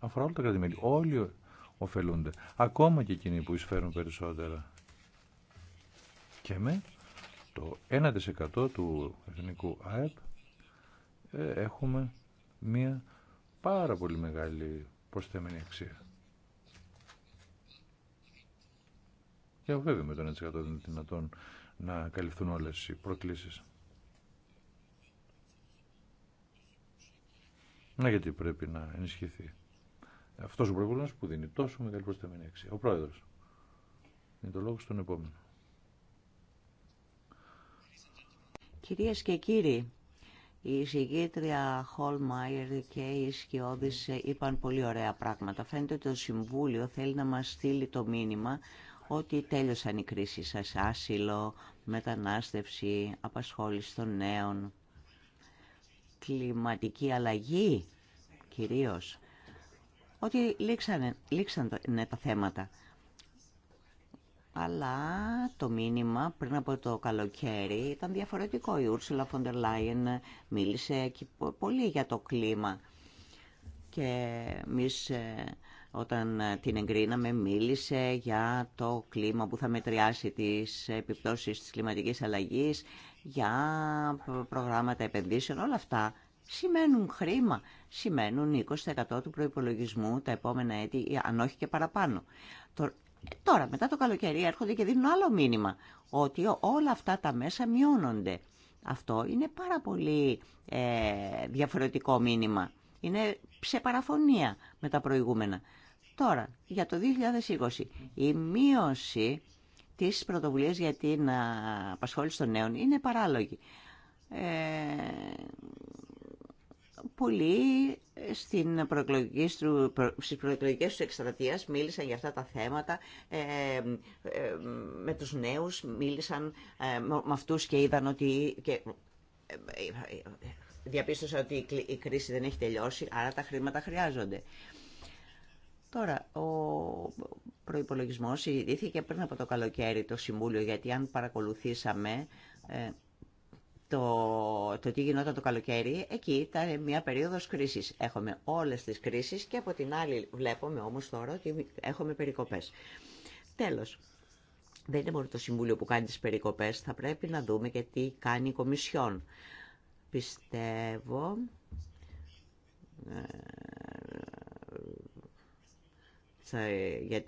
S3: αφορά όλα τα κρατημέλη. Όλοι ωφελούνται. Ακόμα και εκείνοι που εισφέρουν περισσότερα και με το 1% του εθνικού ΑΕΠ ε, έχουμε μία πάρα πολύ μεγάλη προσθέμενη αξία. Και βέβαια με το 1% δεν είναι δυνατόν να καλυφθούν όλες οι προκλήσεις. Να γιατί πρέπει να ενισχυθεί. Αυτός ο προηγούμενος που δίνει τόσο μεγάλη προσθέμενη αξία. Ο πρόεδρος. Είναι το λόγο στον επόμενο.
S4: Κυρίες και κύριοι, η εισηγήτρια Χολμάιερ και η Σκιώδης είπαν πολύ ωραία πράγματα. Φαίνεται ότι το Συμβούλιο θέλει να μας στείλει το μήνυμα ότι τέλειωσαν οι κρίσεις σας, άσυλο, μετανάστευση, απασχόληση των νέων, κλιματική αλλαγή κυρίως, ότι λήξανε, λήξανε τα θέματα αλλά το μήνυμα πριν από το καλοκαίρι ήταν διαφορετικό. Η Ούρσουλα Φοντερ Λάιεν μίλησε πολύ για το κλίμα και εμεί ε, όταν την εγκρίναμε μίλησε για το κλίμα που θα μετριάσει τις επιπτώσεις της κλιματικής αλλαγής, για προγράμματα επενδύσεων, όλα αυτά σημαίνουν χρήμα, σημαίνουν 20% του προϋπολογισμού τα επόμενα έτη, αν όχι και παραπάνω τώρα μετά το καλοκαίρι έρχονται και δίνουν άλλο μήνυμα ότι όλα αυτά τα μέσα μειώνονται. Αυτό είναι πάρα πολύ ε, διαφορετικό μήνυμα. Είναι σε παραφωνία με τα προηγούμενα. Τώρα, για το 2020, η μείωση της πρωτοβουλίας για την ε, απασχόληση των νέων είναι παράλογη. Ε, πολλοί στην προεκλογική, στις προεκλογικές του εκστρατείας μίλησαν για αυτά τα θέματα ε, ε, με τους νέους, μίλησαν ε, με αυτούς και είδαν ότι... Και, ε, ότι η κρίση δεν έχει τελειώσει, άρα τα χρήματα χρειάζονται. Τώρα, ο προϋπολογισμός συζητήθηκε πριν από το καλοκαίρι το Συμβούλιο, γιατί αν παρακολουθήσαμε το, το τι γινόταν το καλοκαίρι, εκεί ήταν μια περίοδος κρίσης. Έχουμε όλες τις κρίσεις και από την άλλη βλέπουμε όμως τώρα ότι έχουμε περικοπές. Τέλος, δεν είναι μόνο το Συμβούλιο που κάνει τις περικοπές, θα πρέπει να δούμε και τι κάνει η Κομισιόν. Πιστεύω... Ε, για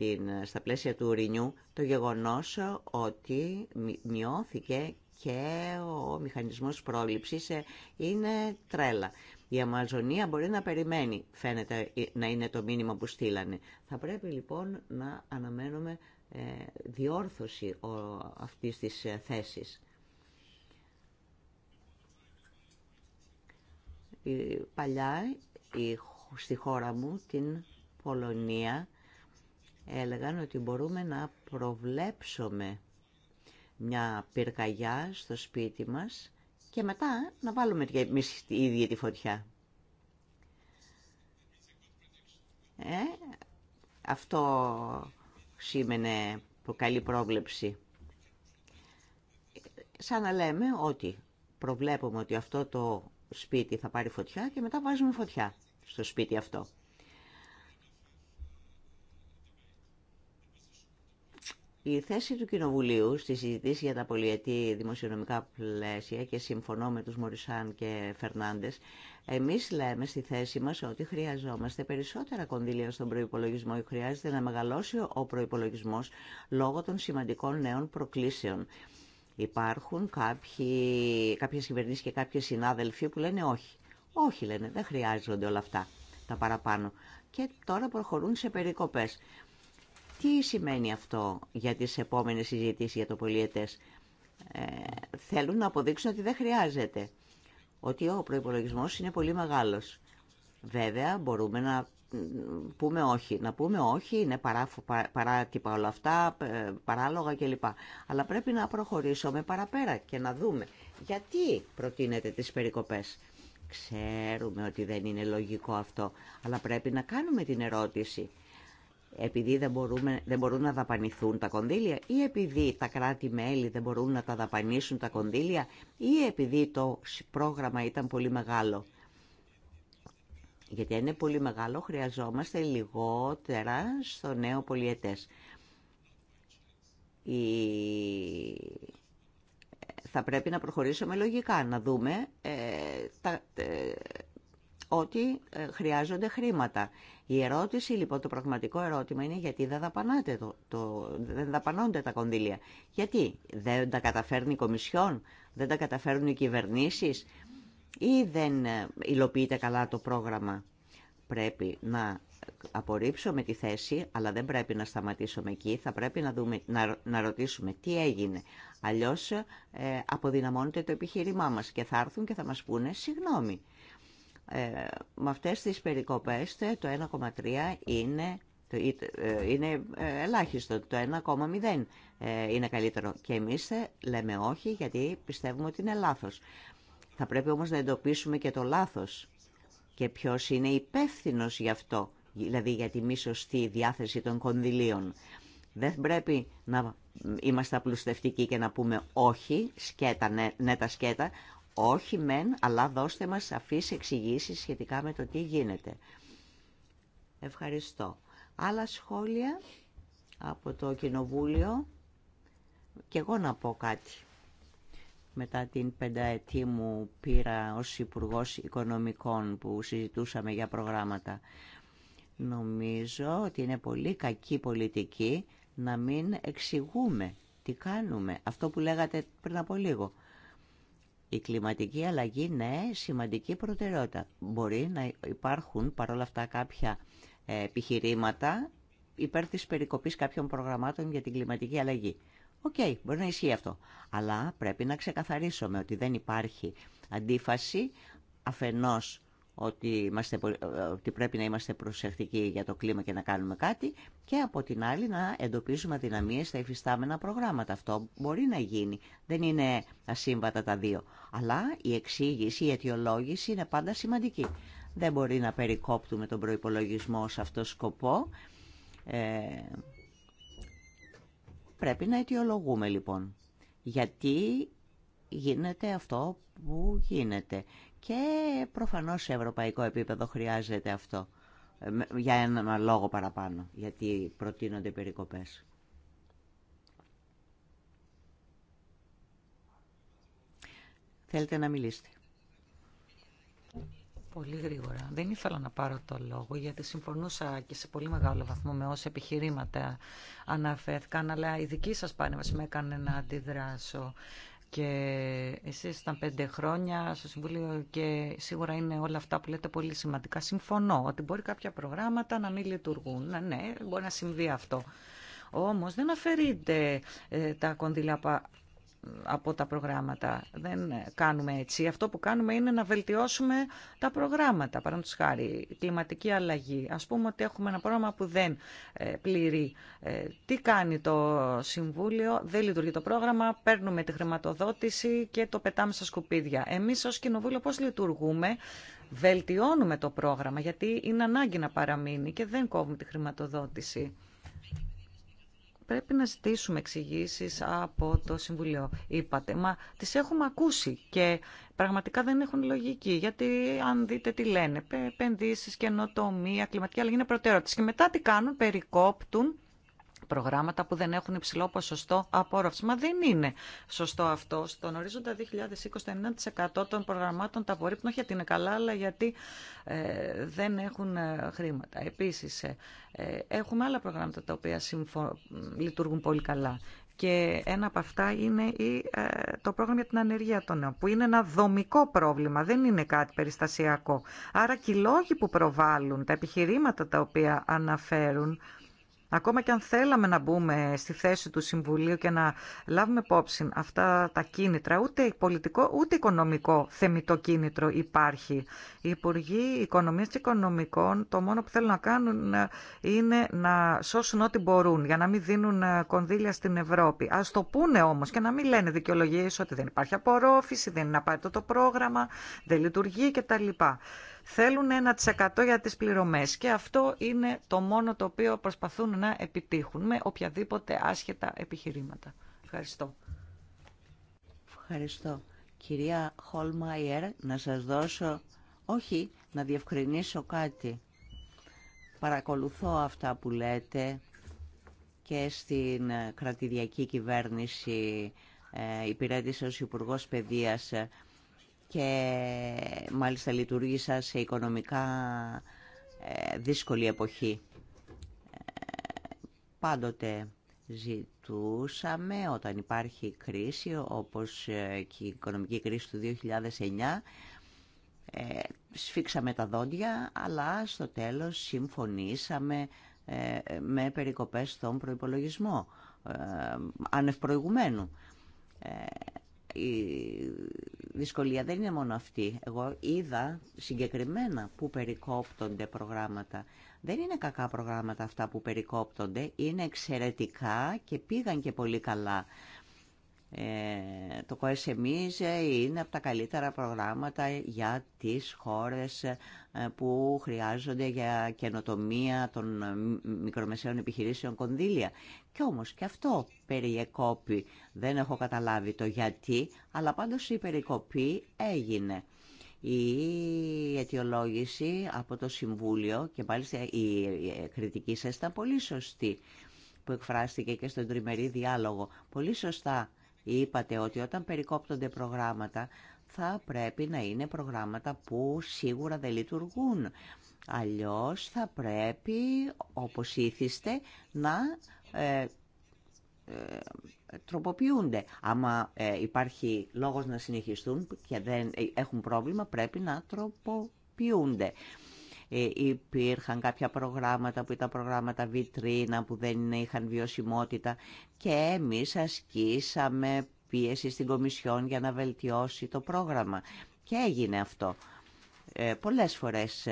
S4: στα πλαίσια του Ρινιού το γεγονός ότι μειώθηκε και ο μηχανισμός πρόληψης ε, είναι τρέλα. Η Αμαζονία μπορεί να περιμένει, φαίνεται ε, να είναι το μήνυμα που στείλανε. Θα πρέπει λοιπόν να αναμένουμε ε, διόρθωση αυτής της θέσης. Παλιά στη χώρα μου, την Πολωνία, έλεγαν ότι μπορούμε να προβλέψουμε μια πυρκαγιά στο σπίτι μας και μετά να βάλουμε εμείς η ίδια τη φωτιά. Ε, αυτό σήμαινε καλή πρόβλεψη. Σαν να λέμε ότι προβλέπουμε ότι αυτό το σπίτι θα πάρει φωτιά και μετά βάζουμε φωτιά στο σπίτι αυτό. Η θέση του Κοινοβουλίου στη συζήτηση για τα πολιετή δημοσιονομικά πλαίσια και συμφωνώ με τους Μωρισάν και Φερνάντες, εμείς λέμε στη θέση μας ότι χρειαζόμαστε περισσότερα κονδύλια στον προϋπολογισμό ή χρειάζεται να μεγαλώσει ο προϋπολογισμός λόγω των σημαντικών νέων προκλήσεων. Υπάρχουν κάποιοι, κάποιες κυβερνήσεις και κάποιες συνάδελφοι που λένε όχι. Όχι λένε, δεν χρειάζονται όλα αυτά τα παραπάνω. Και τώρα προχωρούν σε περικοπές. Τι σημαίνει αυτό για τις επόμενες συζητήσεις για το πολιετές. Ε, θέλουν να αποδείξουν ότι δεν χρειάζεται. Ότι ο προπολογισμό είναι πολύ μεγάλος. Βέβαια μπορούμε να πούμε όχι. Να πούμε όχι είναι παρά, παράτυπα όλα αυτά, ε, παράλογα κλπ. Αλλά πρέπει να προχωρήσουμε παραπέρα και να δούμε γιατί προτείνεται τις περικοπές. Ξέρουμε ότι δεν είναι λογικό αυτό, αλλά πρέπει να κάνουμε την ερώτηση επειδή δεν, μπορούμε, μπορούν να δαπανηθούν τα κονδύλια ή επειδή τα κράτη-μέλη δεν μπορούν να τα δαπανίσουν τα κονδύλια ή επειδή το πρόγραμμα ήταν πολύ μεγάλο. Γιατί αν είναι πολύ μεγάλο χρειαζόμαστε λιγότερα στο νέο πολιετές. Θα πρέπει να προχωρήσουμε λογικά, να δούμε ε, τα, ε, ότι ε, χρειάζονται χρήματα. Η ερώτηση, λοιπόν, το πραγματικό ερώτημα είναι γιατί δεν, δαπανάτε το, το, δεν δαπανώνται τα κονδύλια. Γιατί δεν τα καταφέρνει η Κομισιόν, δεν τα καταφέρνουν οι κυβερνήσεις ή δεν ε, υλοποιείται καλά το πρόγραμμα. Πρέπει να απορρίψουμε τη θέση, αλλά δεν πρέπει να σταματήσουμε εκεί. Θα πρέπει να, δούμε, να, ρωτήσουμε τι έγινε. Αλλιώς ε, αποδυναμώνεται το επιχείρημά μας και θα έρθουν και θα μας πούνε «Συγγνώμη, ε, με αυτές τις περικοπές το 1,3 είναι, το, ε, είναι ε, ελάχιστο, το 1,0 είναι καλύτερο. Και εμείς λέμε όχι γιατί πιστεύουμε ότι είναι λάθος. Θα πρέπει όμως να εντοπίσουμε και το λάθος και ποιος είναι υπεύθυνο γι' αυτό, δηλαδή για τη μη σωστή διάθεση των κονδυλίων. Δεν πρέπει να είμαστε απλουστευτικοί και να πούμε όχι, σκέτα, ναι, ναι τα σκέτα, όχι μεν, αλλά δώστε μας σαφείς εξηγήσει σχετικά με το τι γίνεται. Ευχαριστώ. Άλλα σχόλια από το Κοινοβούλιο. Και εγώ να πω κάτι. Μετά την πενταετή μου πήρα ως υπουργό Οικονομικών που συζητούσαμε για προγράμματα. Νομίζω ότι είναι πολύ κακή πολιτική να μην εξηγούμε τι κάνουμε. Αυτό που λέγατε πριν από λίγο. Η κλιματική αλλαγή είναι σημαντική προτεραιότητα. Μπορεί να υπάρχουν παρόλα αυτά κάποια ε, επιχειρήματα υπέρ της περικοπής κάποιων προγραμμάτων για την κλιματική αλλαγή. Οκ, okay, μπορεί να ισχύει αυτό. Αλλά πρέπει να ξεκαθαρίσουμε ότι δεν υπάρχει αντίφαση αφενός ε, ότι, πρέπει να είμαστε προσεκτικοί για το κλίμα και να κάνουμε κάτι και από την άλλη να εντοπίζουμε δυναμίες στα υφιστάμενα προγράμματα. Αυτό μπορεί να γίνει. Δεν είναι ασύμβατα τα δύο. Αλλά η εξήγηση, η αιτιολόγηση είναι πάντα σημαντική. Δεν μπορεί να περικόπτουμε τον προϋπολογισμό σε αυτό σκοπό. Ε, πρέπει να αιτιολογούμε λοιπόν. Γιατί γίνεται αυτό που γίνεται. Και προφανώς σε ευρωπαϊκό επίπεδο χρειάζεται αυτό ε, για ένα λόγο παραπάνω, γιατί προτείνονται περικοπές. Θέλετε να μιλήσετε.
S2: Πολύ γρήγορα. Δεν ήθελα να πάρω το λόγο γιατί συμφωνούσα και σε πολύ μεγάλο βαθμό με όσα επιχειρήματα αναφέρθηκαν αλλά η δική σας παρέμβαση με έκανε να αντιδράσω και εσείς στα πέντε χρόνια στο Συμβούλιο και σίγουρα είναι όλα αυτά που λέτε πολύ σημαντικά. Συμφωνώ ότι μπορεί κάποια προγράμματα να μην λειτουργούν. Να, ναι, μπορεί να συμβεί αυτό. Όμω, δεν αφαιρείται ε, τα κονδύλια από τα προγράμματα. Δεν κάνουμε έτσι. Αυτό που κάνουμε είναι να βελτιώσουμε τα προγράμματα. Παραδείγματο χάρη, κλιματική αλλαγή. Α πούμε ότι έχουμε ένα πρόγραμμα που δεν ε, πληρεί. Ε, τι κάνει το Συμβούλιο, δεν λειτουργεί το πρόγραμμα, παίρνουμε τη χρηματοδότηση και το πετάμε στα σκουπίδια. Εμεί ω Κοινοβούλιο πώ λειτουργούμε, βελτιώνουμε το πρόγραμμα γιατί είναι ανάγκη να παραμείνει και δεν κόβουμε τη χρηματοδότηση πρέπει να ζητήσουμε εξηγήσει από το Συμβουλίο. Είπατε, μα τις έχουμε ακούσει και πραγματικά δεν έχουν λογική. Γιατί αν δείτε τι λένε, επενδύσει, καινοτομία, κλιματική αλλαγή είναι προτεραιότητε. Και μετά τι κάνουν, περικόπτουν προγράμματα που δεν έχουν υψηλό ποσοστό απόρροφηση. Μα δεν είναι σωστό αυτό. Στον ορίζοντα 2020 το 90% των προγραμμάτων τα απορρίπτουν, όχι γιατί είναι καλά, αλλά γιατί ε, δεν έχουν ε, χρήματα. Επίση, ε, έχουμε άλλα προγράμματα τα οποία συμφω... λειτουργούν πολύ καλά. Και ένα από αυτά είναι η, το πρόγραμμα για την ανεργία των νέων, που είναι ένα δομικό πρόβλημα, δεν είναι κάτι περιστασιακό. Άρα και οι λόγοι που προβάλλουν, τα επιχειρήματα τα οποία αναφέρουν, Ακόμα και αν θέλαμε να μπούμε στη θέση του Συμβουλίου και να λάβουμε υπόψη αυτά τα κίνητρα, ούτε πολιτικό ούτε οικονομικό θεμητό κίνητρο υπάρχει. Οι Υπουργοί Οικονομίας και Οικονομικών το μόνο που θέλουν να κάνουν είναι να σώσουν ό,τι μπορούν για να μην δίνουν κονδύλια στην Ευρώπη. Ας το πούνε όμως και να μην λένε δικαιολογίε ότι δεν υπάρχει απορρόφηση, δεν είναι απαραίτητο το πρόγραμμα, δεν λειτουργεί κτλ θέλουν 1% για τις πληρωμές και αυτό είναι το μόνο το οποίο προσπαθούν να επιτύχουν με οποιαδήποτε άσχετα επιχειρήματα. Ευχαριστώ. Ευχαριστώ.
S4: Κυρία Χολμαϊερ, να σας δώσω... Όχι, να διευκρινίσω κάτι. Παρακολουθώ αυτά που λέτε και στην κρατηδιακή κυβέρνηση ε, υπηρέτησε ως Υπουργός Παιδείας και μάλιστα λειτουργήσα σε οικονομικά ε, δύσκολη εποχή. Ε, πάντοτε ζητούσαμε όταν υπάρχει κρίση όπως ε, και η οικονομική κρίση του 2009 σφίξαμε τα δόντια αλλά στο τέλος συμφωνήσαμε με περικοπές στον προϋπολογισμό ε, ανευπροηγουμένου η δυσκολία δεν είναι μόνο αυτή. Εγώ είδα συγκεκριμένα που περικόπτονται προγράμματα. Δεν είναι κακά προγράμματα αυτά που περικόπτονται, είναι εξαιρετικά και πήγαν και πολύ καλά. Ε, το COSMIS ε, είναι από τα καλύτερα προγράμματα για τις χώρες ε, που χρειάζονται για καινοτομία των μικρομεσαίων επιχειρήσεων κονδύλια. Κι όμως και αυτό περιεκόπη. Δεν έχω καταλάβει το γιατί, αλλά πάντως η περικοπή έγινε. Η αιτιολόγηση από το Συμβούλιο και πάλι η κριτική σας ήταν πολύ σωστή που εκφράστηκε και στον τριμερή διάλογο. Πολύ σωστά είπατε ότι όταν περικόπτονται προγράμματα θα πρέπει να είναι προγράμματα που σίγουρα δεν λειτουργούν. Αλλιώς θα πρέπει, όπως ήθιστε, να ε, ε, τροποποιούνται. Άμα ε, υπάρχει λόγος να συνεχιστούν και δεν έχουν πρόβλημα πρέπει να τροποποιούνται. υπήρχαν κάποια προγράμματα που ήταν προγράμματα βιτρίνα που δεν είχαν βιωσιμότητα και εμείς ασκήσαμε πίεση στην Κομισιόν για να βελτιώσει το πρόγραμμα. Και έγινε αυτό. Ε, πολλές φορές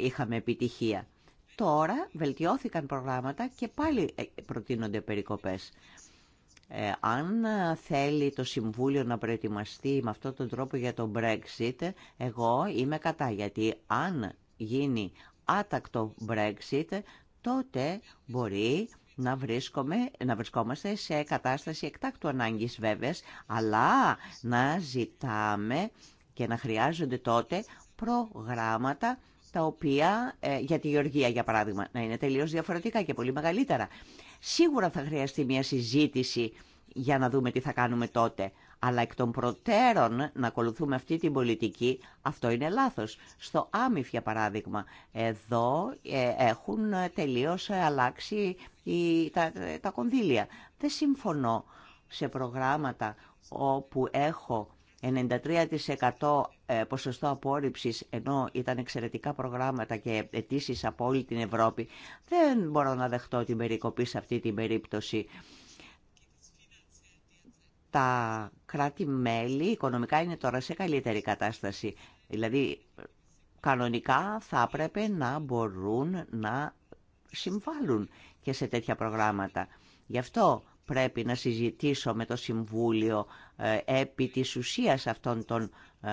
S4: είχαμε επιτυχία. Τώρα βελτιώθηκαν προγράμματα και πάλι ε, προτείνονται περικοπές. Ε, αν ε, θέλει το Συμβούλιο να προετοιμαστεί με αυτόν τον τρόπο για το Brexit, εγώ είμαι κατά, γιατί αν γίνει άτακτο Brexit, τότε μπορεί να, βρίσκομαι, να βρισκόμαστε σε κατάσταση εκτάκτου ανάγκης βέβαια, αλλά να ζητάμε και να χρειάζονται τότε προγράμματα τα οποία ε, για τη Γεωργία για παράδειγμα να είναι τελείως διαφορετικά και πολύ μεγαλύτερα. Σίγουρα θα χρειαστεί μια συζήτηση για να δούμε τι θα κάνουμε τότε. Αλλά εκ των προτέρων να ακολουθούμε αυτή την πολιτική, αυτό είναι λάθος. Στο Άμυφ, για παράδειγμα, εδώ ε, έχουν ε, τελείως αλλάξει τα, τα κονδύλια. Δεν συμφωνώ σε προγράμματα όπου έχω 93% ε, ποσοστό απόρριψης ενώ ήταν εξαιρετικά προγράμματα και αιτήσει από όλη την Ευρώπη δεν μπορώ να δεχτώ την περικοπή σε αυτή την περίπτωση τα κράτη-μέλη οικονομικά είναι τώρα σε καλύτερη κατάσταση δηλαδή κανονικά θα έπρεπε να μπορούν να συμβάλλουν και σε τέτοια προγράμματα γι' αυτό πρέπει να συζητήσω με το Συμβούλιο ε, επί της ουσίας αυτών των ε,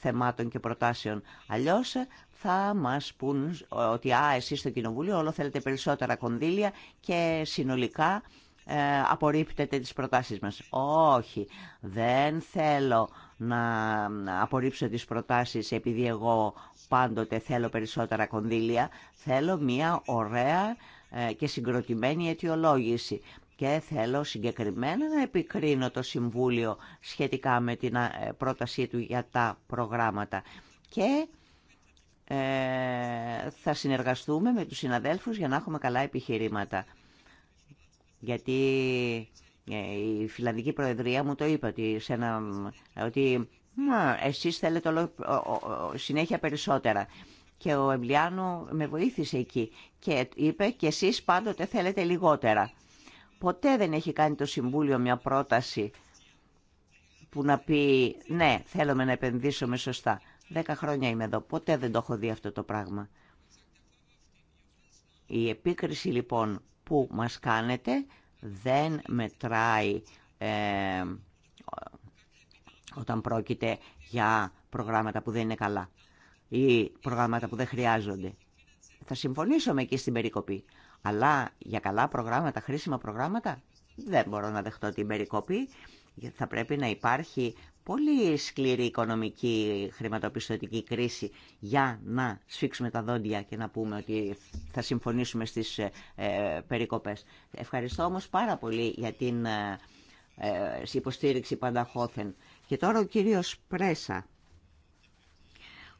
S4: θεμάτων και προτάσεων. Αλλιώς ε, θα μας πούν ότι α, εσείς στο Κοινοβούλιο όλο θέλετε περισσότερα κονδύλια και συνολικά απορρίπτετε τις προτάσεις μας. Όχι, δεν θέλω να απορρίψω τις προτάσεις επειδή εγώ πάντοτε θέλω περισσότερα κονδύλια. Θέλω μια ωραία και συγκροτημένη αιτιολόγηση. Και θέλω συγκεκριμένα να επικρίνω το Συμβούλιο σχετικά με την ε, πρότασή του για τα προγράμματα. Και ε, θα συνεργαστούμε με τους συναδέλφους για να έχουμε καλά επιχειρήματα. Γιατί ε, η Φιλανδική Προεδρία μου το είπε ότι, σε ότι μα, εσείς θέλετε όλο, συνέχεια περισσότερα. Και ο Εμπλιάνο με βοήθησε εκεί και είπε και εσείς πάντοτε θέλετε λιγότερα. Ποτέ δεν έχει κάνει το Συμβούλιο μια πρόταση που να πει ναι, θέλουμε να επενδύσουμε σωστά. Δέκα χρόνια είμαι εδώ. Ποτέ δεν το έχω δει αυτό το πράγμα. Η επίκριση λοιπόν που μας κάνετε δεν μετράει ε, όταν πρόκειται για προγράμματα που δεν είναι καλά ή προγράμματα που δεν χρειάζονται. Θα συμφωνήσω με εκεί στην περικοπή. Αλλά για καλά προγράμματα, χρήσιμα προγράμματα, δεν μπορώ να δεχτώ την περικοπή. Θα πρέπει να υπάρχει πολύ σκληρή οικονομική χρηματοπιστωτική κρίση για να σφίξουμε τα δόντια και να πούμε ότι θα συμφωνήσουμε στις ε, ε περικοπές. Ευχαριστώ όμως πάρα πολύ για την ε, πάντα ε, υποστήριξη Και τώρα ο κύριος Πρέσα,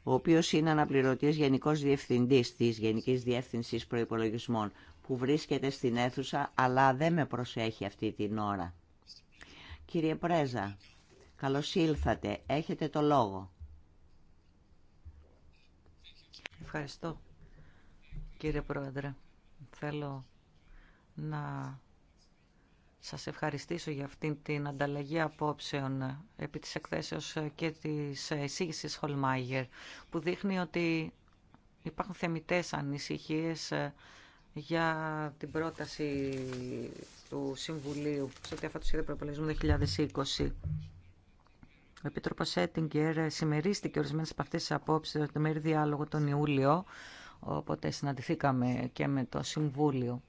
S4: ο οποίος είναι αναπληρωτής Γενικός Διευθυντής της Γενικής Διεύθυνσης Προϋπολογισμών που βρίσκεται στην αίθουσα αλλά δεν με προσέχει αυτή την ώρα. Κύριε Πρέζα, καλώς ήλθατε. Έχετε το λόγο.
S2: Ευχαριστώ, κύριε Πρόεδρε. Θέλω να σας ευχαριστήσω για αυτήν την ανταλλαγή απόψεων επί της εκθέσεως και της εισήγησης Χολμάγερ, που δείχνει ότι υπάρχουν θεμητές ανησυχίες για την πρόταση του Συμβουλίου σε ό,τι αφορά το σχέδιο προπολογισμού 2020. Ο Επίτροπο Έτιγκερ συμμερίστηκε ορισμένε από αυτέ τι απόψει στο μέρη διάλογο τον Ιούλιο, οπότε συναντηθήκαμε και με το Συμβούλιο.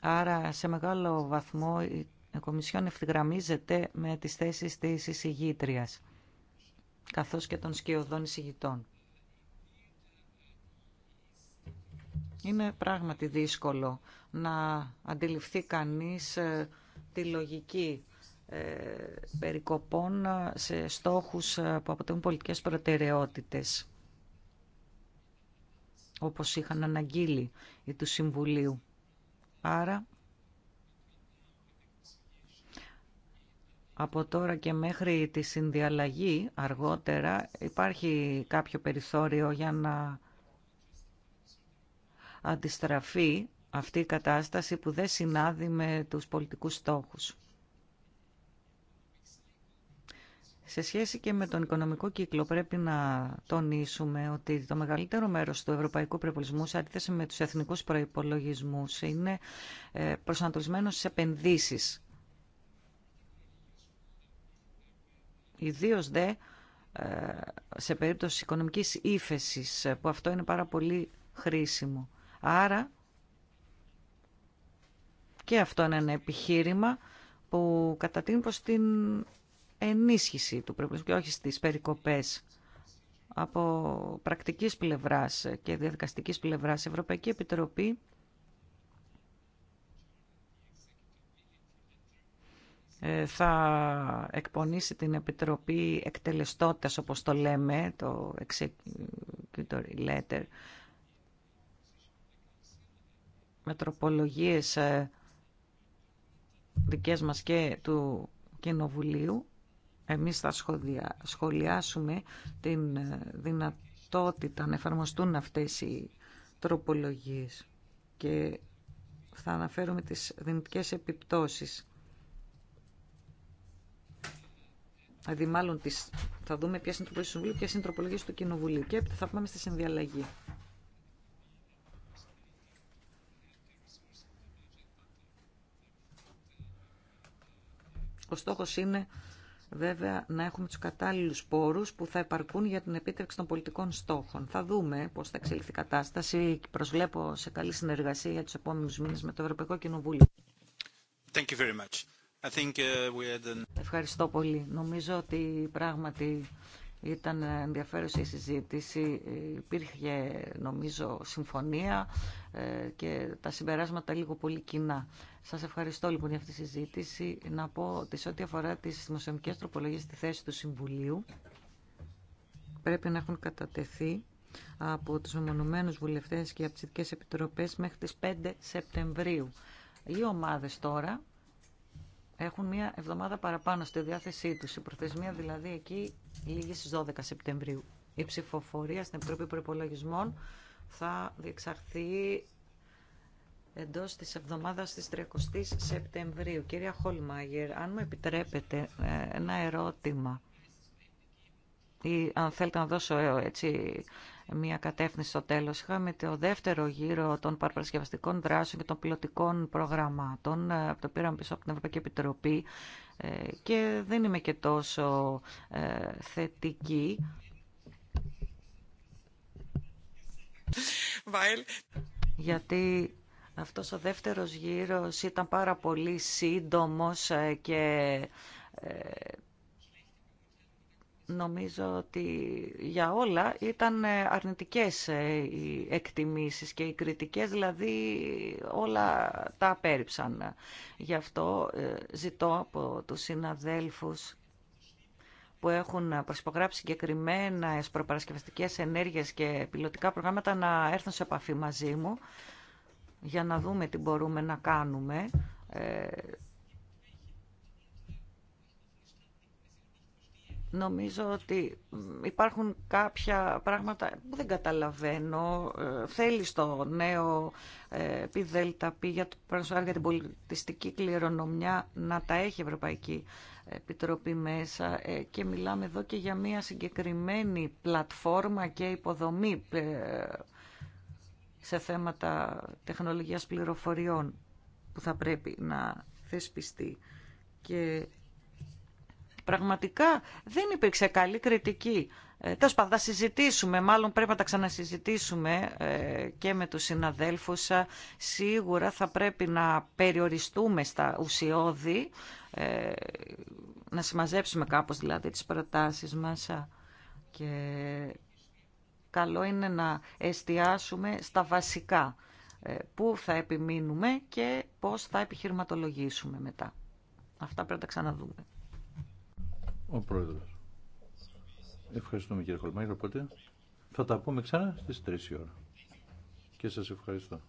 S2: Άρα, σε μεγάλο βαθμό, η Κομισιόν ευθυγραμμίζεται με τις θέσεις της εισηγήτριας, καθώς και των σκιωδών εισηγητών. Είναι πράγματι δύσκολο να αντιληφθεί κανείς ε, τη λογική ε, περικοπών ε, σε στόχους που αποτελούν πολιτικές προτεραιότητες όπως είχαν αναγγείλει οι του Συμβουλίου. Άρα, από τώρα και μέχρι τη συνδιαλλαγή αργότερα υπάρχει κάποιο περιθώριο για να αντιστραφεί αυτή η κατάσταση που δεν συνάδει με τους πολιτικούς στόχους. Σε σχέση και με τον οικονομικό κύκλο πρέπει να τονίσουμε ότι το μεγαλύτερο μέρος του ευρωπαϊκού προπολογισμού σε αντίθεση με τους εθνικούς προϋπολογισμούς είναι ε, προσανατολισμένο στις επενδύσεις. Ιδίως δε ε, σε περίπτωση οικονομικής ύφεσης που αυτό είναι πάρα πολύ χρήσιμο. Άρα και αυτό είναι ένα επιχείρημα που κατατείνει προς την ενίσχυση του προϋπολογισμού και όχι στις περικοπές από πρακτικής πλευράς και διαδικαστικής πλευράς. Η Ευρωπαϊκή Επιτροπή ε, θα εκπονήσει την Επιτροπή Εκτελεστότητας, όπως το λέμε, το «Executive Letter, με τροπολογίες ε, δικές μας και του Κοινοβουλίου. Εμείς θα σχολιάσουμε την ε, δυνατότητα να εφαρμοστούν αυτές οι τροπολογίες και θα αναφέρουμε τις δυνητικές επιπτώσεις. Δηλαδή, μάλλον τις, θα δούμε ποιες είναι τροπολογίες του Συμβουλίου του Κοινοβουλίου. Και θα πάμε στη συνδιαλλαγή. Ο στόχος είναι βέβαια να έχουμε τους κατάλληλους πόρους που θα επαρκούν για την επίτευξη των πολιτικών στόχων. Θα δούμε πώς θα εξελιχθεί η κατάσταση. Προσβλέπω σε καλή συνεργασία για τους επόμενους μήνες με το Ευρωπαϊκό Κοινοβούλιο.
S1: Thank you very much. I think uh, we
S2: Ευχαριστώ πολύ. Νομίζω ότι πράγματι ήταν ενδιαφέρουσα η συζήτηση, υπήρχε νομίζω συμφωνία ε, και τα συμπεράσματα λίγο πολύ κοινά. Σας ευχαριστώ λοιπόν για αυτή τη συζήτηση. Να πω ότι σε ό,τι αφορά τις δημοσιονομικές τροπολογίες στη θέση του Συμβουλίου πρέπει να έχουν κατατεθεί από τους ομονωμένους βουλευτές και από τις επιτροπές μέχρι τις 5 Σεπτεμβρίου. Οι ομάδες τώρα έχουν μία εβδομάδα παραπάνω στη διάθεσή τους. Η προθεσμία δηλαδή εκεί λίγη στις 12 Σεπτεμβρίου. Η ψηφοφορία στην Επιτροπή Προπολογισμών θα διεξαχθεί εντός της εβδομάδας της 30 Σεπτεμβρίου. Κυρία Χολμάγερ, αν μου επιτρέπετε ε, ένα ερώτημα ή αν θέλετε να δώσω ε, έτσι μια κατεύθυνση στο τέλος. Είχαμε το δεύτερο γύρο των παραπρασκευαστικών δράσεων και των πιλωτικών προγραμμάτων. Ε, το πήραμε πίσω από την Ευρωπαϊκή Επιτροπή ε, και δεν είμαι και τόσο ε, θετική. Γιατί αυτός ο δεύτερος γύρος ήταν πάρα πολύ σύντομος και Νομίζω ότι για όλα ήταν ε, αρνητικές ε, οι εκτιμήσεις και οι κριτικές, δηλαδή όλα τα απέρριψαν. Γι' αυτό ε, ζητώ από τους συναδέλφους που έχουν προσυπογράψει συγκεκριμένα προπαρασκευαστικές ενέργειες και πιλωτικά προγράμματα να έρθουν σε επαφή μαζί μου για να δούμε τι μπορούμε να κάνουμε Νομίζω ότι υπάρχουν κάποια πράγματα που δεν καταλαβαίνω. Ε, θέλει στο νέο ε, πι για την πολιτιστική κληρονομιά να τα έχει η Ευρωπαϊκή Επιτροπή μέσα ε, και μιλάμε εδώ και για μια συγκεκριμένη πλατφόρμα και υποδομή σε θέματα τεχνολογίας πληροφοριών που θα πρέπει να θεσπιστεί. Και Πραγματικά δεν υπήρξε καλή κριτική. Ε, Τέλο πάντων, θα συζητήσουμε, μάλλον πρέπει να τα ξανασυζητήσουμε ε, και με τους συναδέλφους. Σίγουρα θα πρέπει να περιοριστούμε στα ουσιώδη, ε, να συμμαζέψουμε κάπως δηλαδή τις προτάσεις μα. και καλό είναι να εστιάσουμε στα βασικά ε, πού θα επιμείνουμε και πώς θα επιχειρηματολογήσουμε μετά. Αυτά πρέπει να τα ξαναδούμε.
S3: Ο πρόεδρο. Ευχαριστούμε κύριε Χολμάκη, οπότε θα τα πούμε ξανά στι 3 η ώρα. Και σα ευχαριστώ.